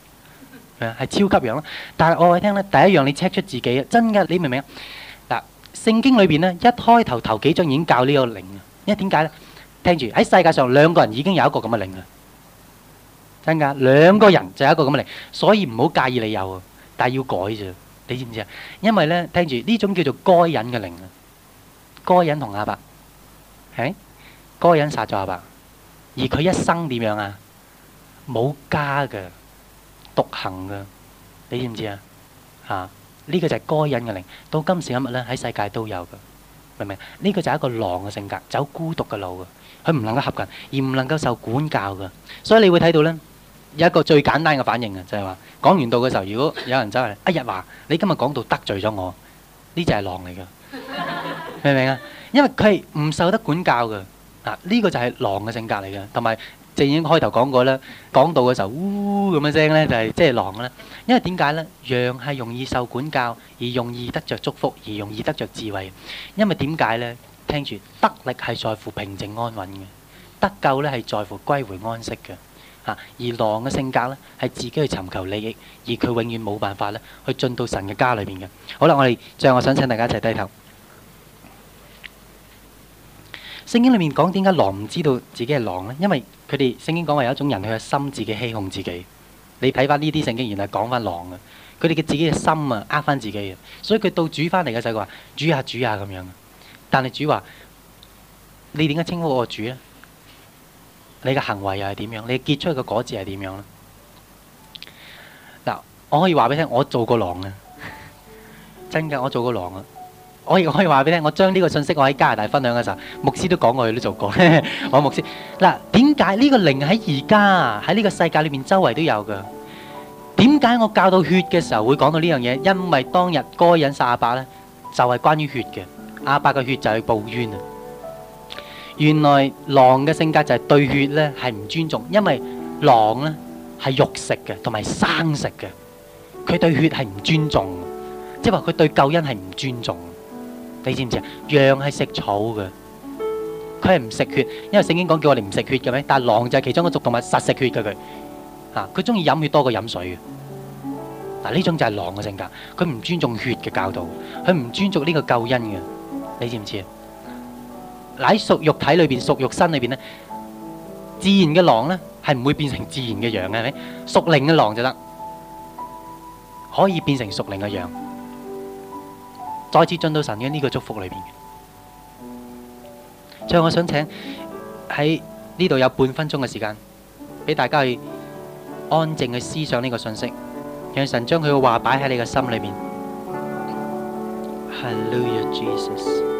係啊，係超級羊啦。但係我話你聽咧，第一樣你 check 出自己啊，真嘅，你明唔明？聖經裏邊咧，一開頭頭幾章已經教呢個靈啊！因為點解咧？聽住喺世界上兩個人已經有一個咁嘅靈啦，真噶，兩個人就有一個咁嘅靈，所以唔好介意你有，但係要改啫。你知唔知啊？因為咧，聽住呢種叫做該隱嘅靈啊，該隱同亞伯，係，該隱殺咗亞伯，而佢一生點樣啊？冇家嘅，獨行嘅，你知唔知啊？嚇！呢個就係該隱嘅靈，到今時今日咧，喺世界都有嘅，明唔明？呢個就係一個狼嘅性格，走孤獨嘅路嘅，佢唔能夠合群，而唔能夠受管教嘅，所以你會睇到咧，有一個最簡單嘅反應嘅，就係話講完道嘅時候，如果有人走嚟，阿日華，你今日講道得罪咗我，呢隻就係狼嚟嘅，明唔明啊？因為佢係唔受得管教嘅，嗱呢個就係狼嘅性格嚟嘅，同埋。正應開頭講過啦，講到嘅時候，呼咁樣聲咧就係即係狼啦。因為點解咧？羊係容易受管教，而容易得著祝福，而容易得著智慧。因為點解咧？聽住得力係在乎平靜安穩嘅，得救咧係在乎歸回安息嘅。嚇，而狼嘅性格咧係自己去尋求利益，而佢永遠冇辦法咧去進到神嘅家裏邊嘅。好啦，我哋最後我想請大家一齊低頭。聖經裏面講點解狼唔知道自己係狼呢？因為佢哋聖經講話有一種人，佢嘅心自己欺哄自己。你睇翻呢啲聖經，原來講翻狼啊。佢哋嘅自己嘅心啊，呃翻自己。啊。所以佢到主翻嚟嘅就係話：主啊，主啊咁樣。但係主話：你點解稱呼我主咧？你嘅行為又係點樣？你結出嘅果子係點樣呢？」嗱，我可以話俾你聽，我做過狼啊。 真㗎，我做過狼啊！我亦可以話俾你聽，我將呢個信息我喺加拿大分享嘅時候，牧師都講過，佢都做過 我牧師嗱。點解呢個靈喺而家喺呢個世界裏面周圍都有㗎？點解我教到血嘅時候會講到呢樣嘢？因為當日該隱殺阿伯呢，就係關於血嘅。阿伯嘅血就係報冤啊。原來狼嘅性格就係對血呢係唔尊重，因為狼呢係肉食嘅同埋生食嘅，佢對血係唔尊重，即係話佢對救恩係唔尊重。你知唔知啊？羊係食草嘅，佢係唔食血，因為聖經講叫我哋唔食血嘅咩？但係狼就係其中一族動物實，實食血嘅佢，吓佢中意飲血多過飲水嘅。嗱呢種就係狼嘅性格，佢唔尊重血嘅教導，佢唔尊重呢個救恩嘅。你知唔知啊？喺屬肉體裏邊、屬肉身裏邊咧，自然嘅狼咧係唔會變成自然嘅羊嘅，係咪？屬靈嘅狼就得可，可以變成屬靈嘅羊。再次進到神嘅呢個祝福裏邊，最後我想請喺呢度有半分鐘嘅時間，俾大家去安靜去思想呢個信息，讓神將佢嘅話擺喺你嘅心裏面。Hallelujah, Jesus.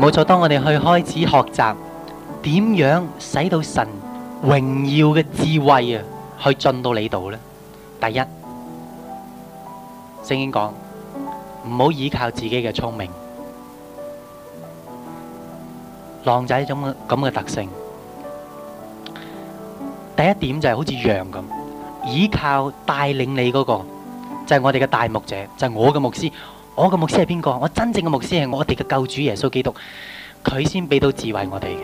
冇錯，當我哋去開始學習點樣使到神榮耀嘅智慧啊，去進到你度呢。第一，聖經講，唔好依靠自己嘅聰明。狼仔種咁嘅特性，第一點就係好似羊咁，依靠帶領你嗰個就係我哋嘅大牧者，就係我嘅牧師。我嘅牧師係邊個？我真正嘅牧師係我哋嘅救主耶穌基督，佢先俾到智慧我哋嘅。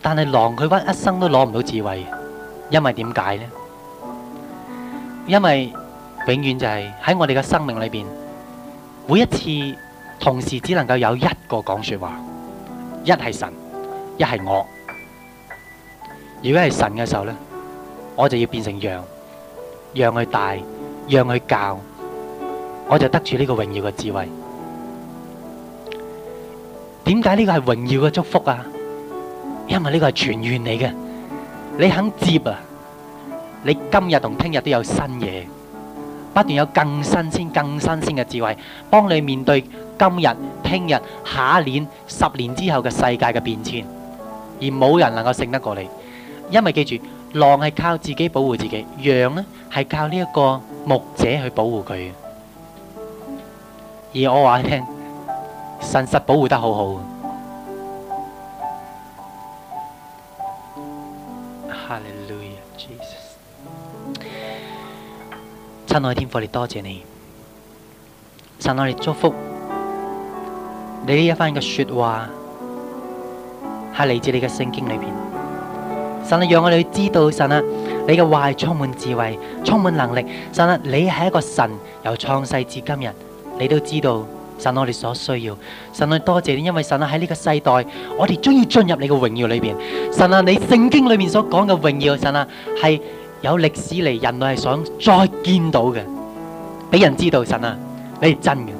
但係狼佢屈一生都攞唔到智慧，因為點解呢？因為永遠就係喺我哋嘅生命裏邊，每一次同時只能夠有一個講說話，一係神，一係我。如果係神嘅時候呢，我就要變成羊，羊去大。讓佢教，我就得住呢個榮耀嘅智慧。點解呢個係榮耀嘅祝福啊？因為呢個係傳願嚟嘅，你肯接啊，你今日同聽日都有新嘢，不斷有更新鮮、更新鮮嘅智慧，幫你面對今日、聽日、下年、十年之後嘅世界嘅變遷，而冇人能夠勝得過你，因為記住。狼係靠自己保護自己，羊呢，係靠呢一個牧者去保護佢。而我話你聽，神實保護得好好。哈利路亞，耶穌，親愛的天父，你多謝你，神愛你祝福你。呢一番嘅說話係嚟自你嘅聖經裏邊。神啊，讓我哋知道神啊，你嘅話係充滿智慧，充滿能力。神啊，你係一個神，由創世至今日，你都知道神我哋所需要。神啊，多謝你，因為神啊喺呢個世代，我哋終於進入你嘅榮耀裏邊。神啊，你聖經裡面所講嘅榮耀，神啊係有歷史嚟，人類係想再見到嘅，俾人知道神啊，你係真嘅。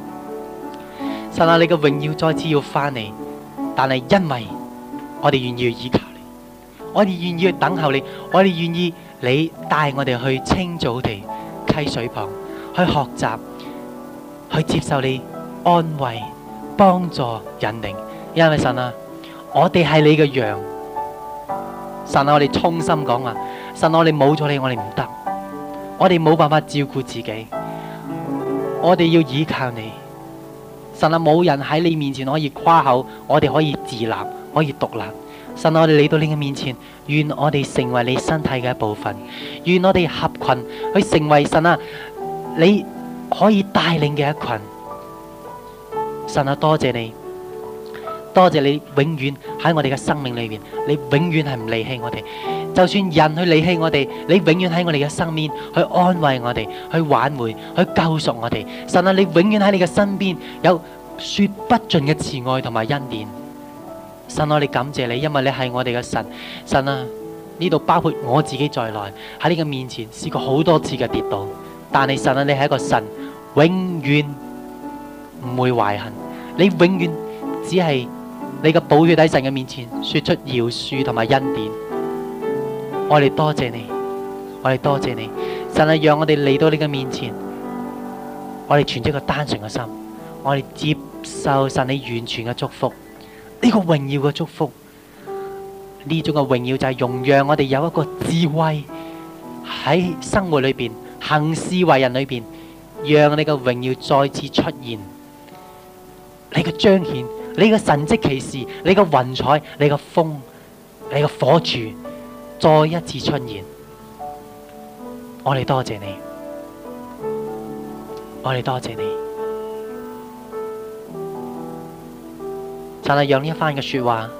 神啊，你嘅榮耀再次要翻嚟，但係因為我哋願意以求。我哋願意去等候你，我哋願意你帶我哋去青草地、溪水旁去學習，去接受你安慰、幫助、引領。因為神啊，我哋係你嘅羊。神啊，我哋衷心講啊，神啊，我哋冇咗你，我哋唔得，我哋冇辦法照顧自己，我哋要依靠你。神啊，冇人喺你面前可以誇口，我哋可以自立，可以獨立。神啊，我哋嚟到你嘅面前，願我哋成為你身體嘅一部分，願我哋合群去成為神啊，你可以帶領嘅一群。神啊，多謝你，多謝你永遠喺我哋嘅生命裏邊，你永遠係唔離棄我哋，就算人去離棄我哋，你永遠喺我哋嘅身邊去安慰我哋，去挽回，去救贖我哋。神啊，你永遠喺你嘅身邊有說不盡嘅慈愛同埋恩典。神我哋感謝你，因為你係我哋嘅神，神啊，呢度包括我自己在內，喺你嘅面前試過好多次嘅跌倒，但係神啊，你係一個神，永遠唔會懷恨，你永遠只係你嘅寶血喺神嘅面前說出饒恕同埋恩典，我哋多謝你，我哋多謝你，神啊，讓我哋嚟到你嘅面前，我哋存一個單純嘅心，我哋接受神你完全嘅祝福。呢個榮耀嘅祝福，呢種嘅榮耀就係容讓我哋有一個智慧喺生活裏邊，行事為人裏邊，讓你嘅榮耀再次出現，你嘅彰顯、你嘅神蹟奇事、你嘅雲彩、你嘅風、你嘅火柱，再一次出現。我哋多謝你，我哋多謝你。就係讓呢一番嘅說話，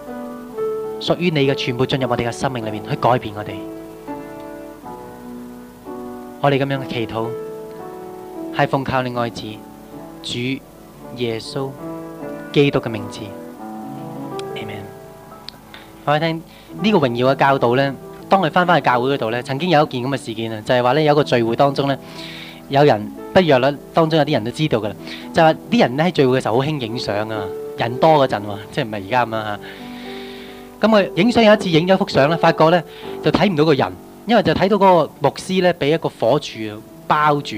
屬於你嘅全部進入我哋嘅生命裡面，去改變我哋。我哋咁樣嘅祈禱，係奉靠你愛子主耶穌基督嘅名字，阿門。我聽呢個榮耀嘅教導呢，當你翻返去教會嗰度呢，曾經有一件咁嘅事件啊，就係話呢，有一個聚會當中呢，有人不約啦，當中有啲人都知道噶啦，就係話啲人呢喺聚會嘅時候好興影相啊。人多嗰陣喎，即係唔係而家咁樣嚇。咁我影相有一次影咗幅相咧，發覺咧就睇唔到個人，因為就睇到嗰個牧師咧，俾一個火柱包住，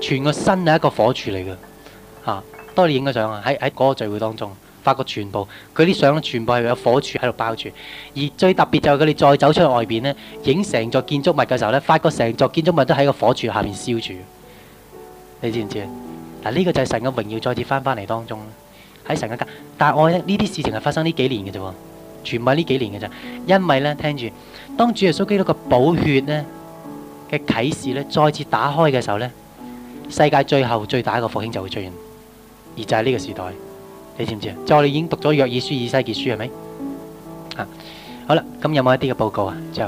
全個身係一個火柱嚟嘅嚇。當你影個相啊，喺喺嗰個聚會當中，發覺全部佢啲相全部係有火柱喺度包住，而最特別就係佢哋再走出去外邊咧，影成座建築物嘅時候咧，發覺成座建築物都喺個火柱下面燒住。你知唔知啊？嗱，呢個就係神嘅榮耀再次翻翻嚟當中。喺神嘅，但係我覺得呢啲事情係發生呢幾年嘅啫，全部係呢幾年嘅啫，因為咧聽住，當主耶穌基督嘅寶血咧嘅啟示咧再次打開嘅時候咧，世界最後最大一個復興就會出現，而就係呢個時代，你知唔知啊？就我哋已經讀咗約珥書以西結書係咪？啊，好啦，咁有冇一啲嘅報告啊？就。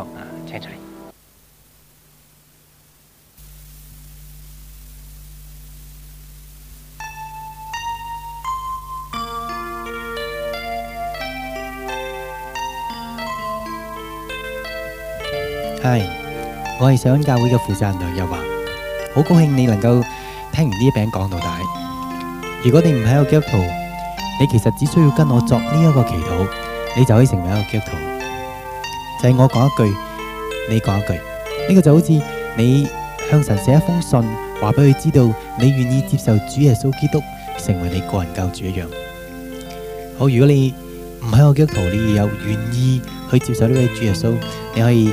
係，我係上恩教會嘅負責人梁日華，好高興你能夠聽完呢一餅講到大。如果你唔係一個基督徒，你其實只需要跟我作呢一個祈禱，你就可以成為一個基督徒。就係我講一句，你講一句，呢個就好似你向神寫一封信，話俾佢知道你願意接受主耶穌基督成為你個人救主一樣。好，如果你唔係一個基督徒，你有願意去接受呢位主耶穌，你可以。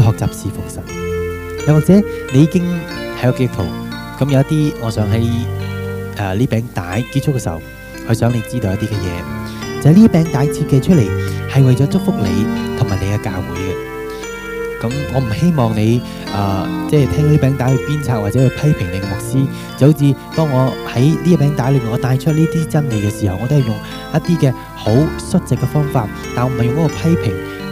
學習侍奉神，又或者你已經喺個基督徒，咁有一啲，我想喺誒呢餅帶結束嘅時候，去想你知道一啲嘅嘢。就係呢餅帶設計出嚟係為咗祝福你同埋你嘅教會嘅。咁我唔希望你誒，即係聽呢餅帶去鞭策或者去批評你嘅牧師。就好似當我喺呢餅帶裏面，我帶出呢啲真理嘅時候，我都係用一啲嘅好率直嘅方法，但我唔係用嗰個批評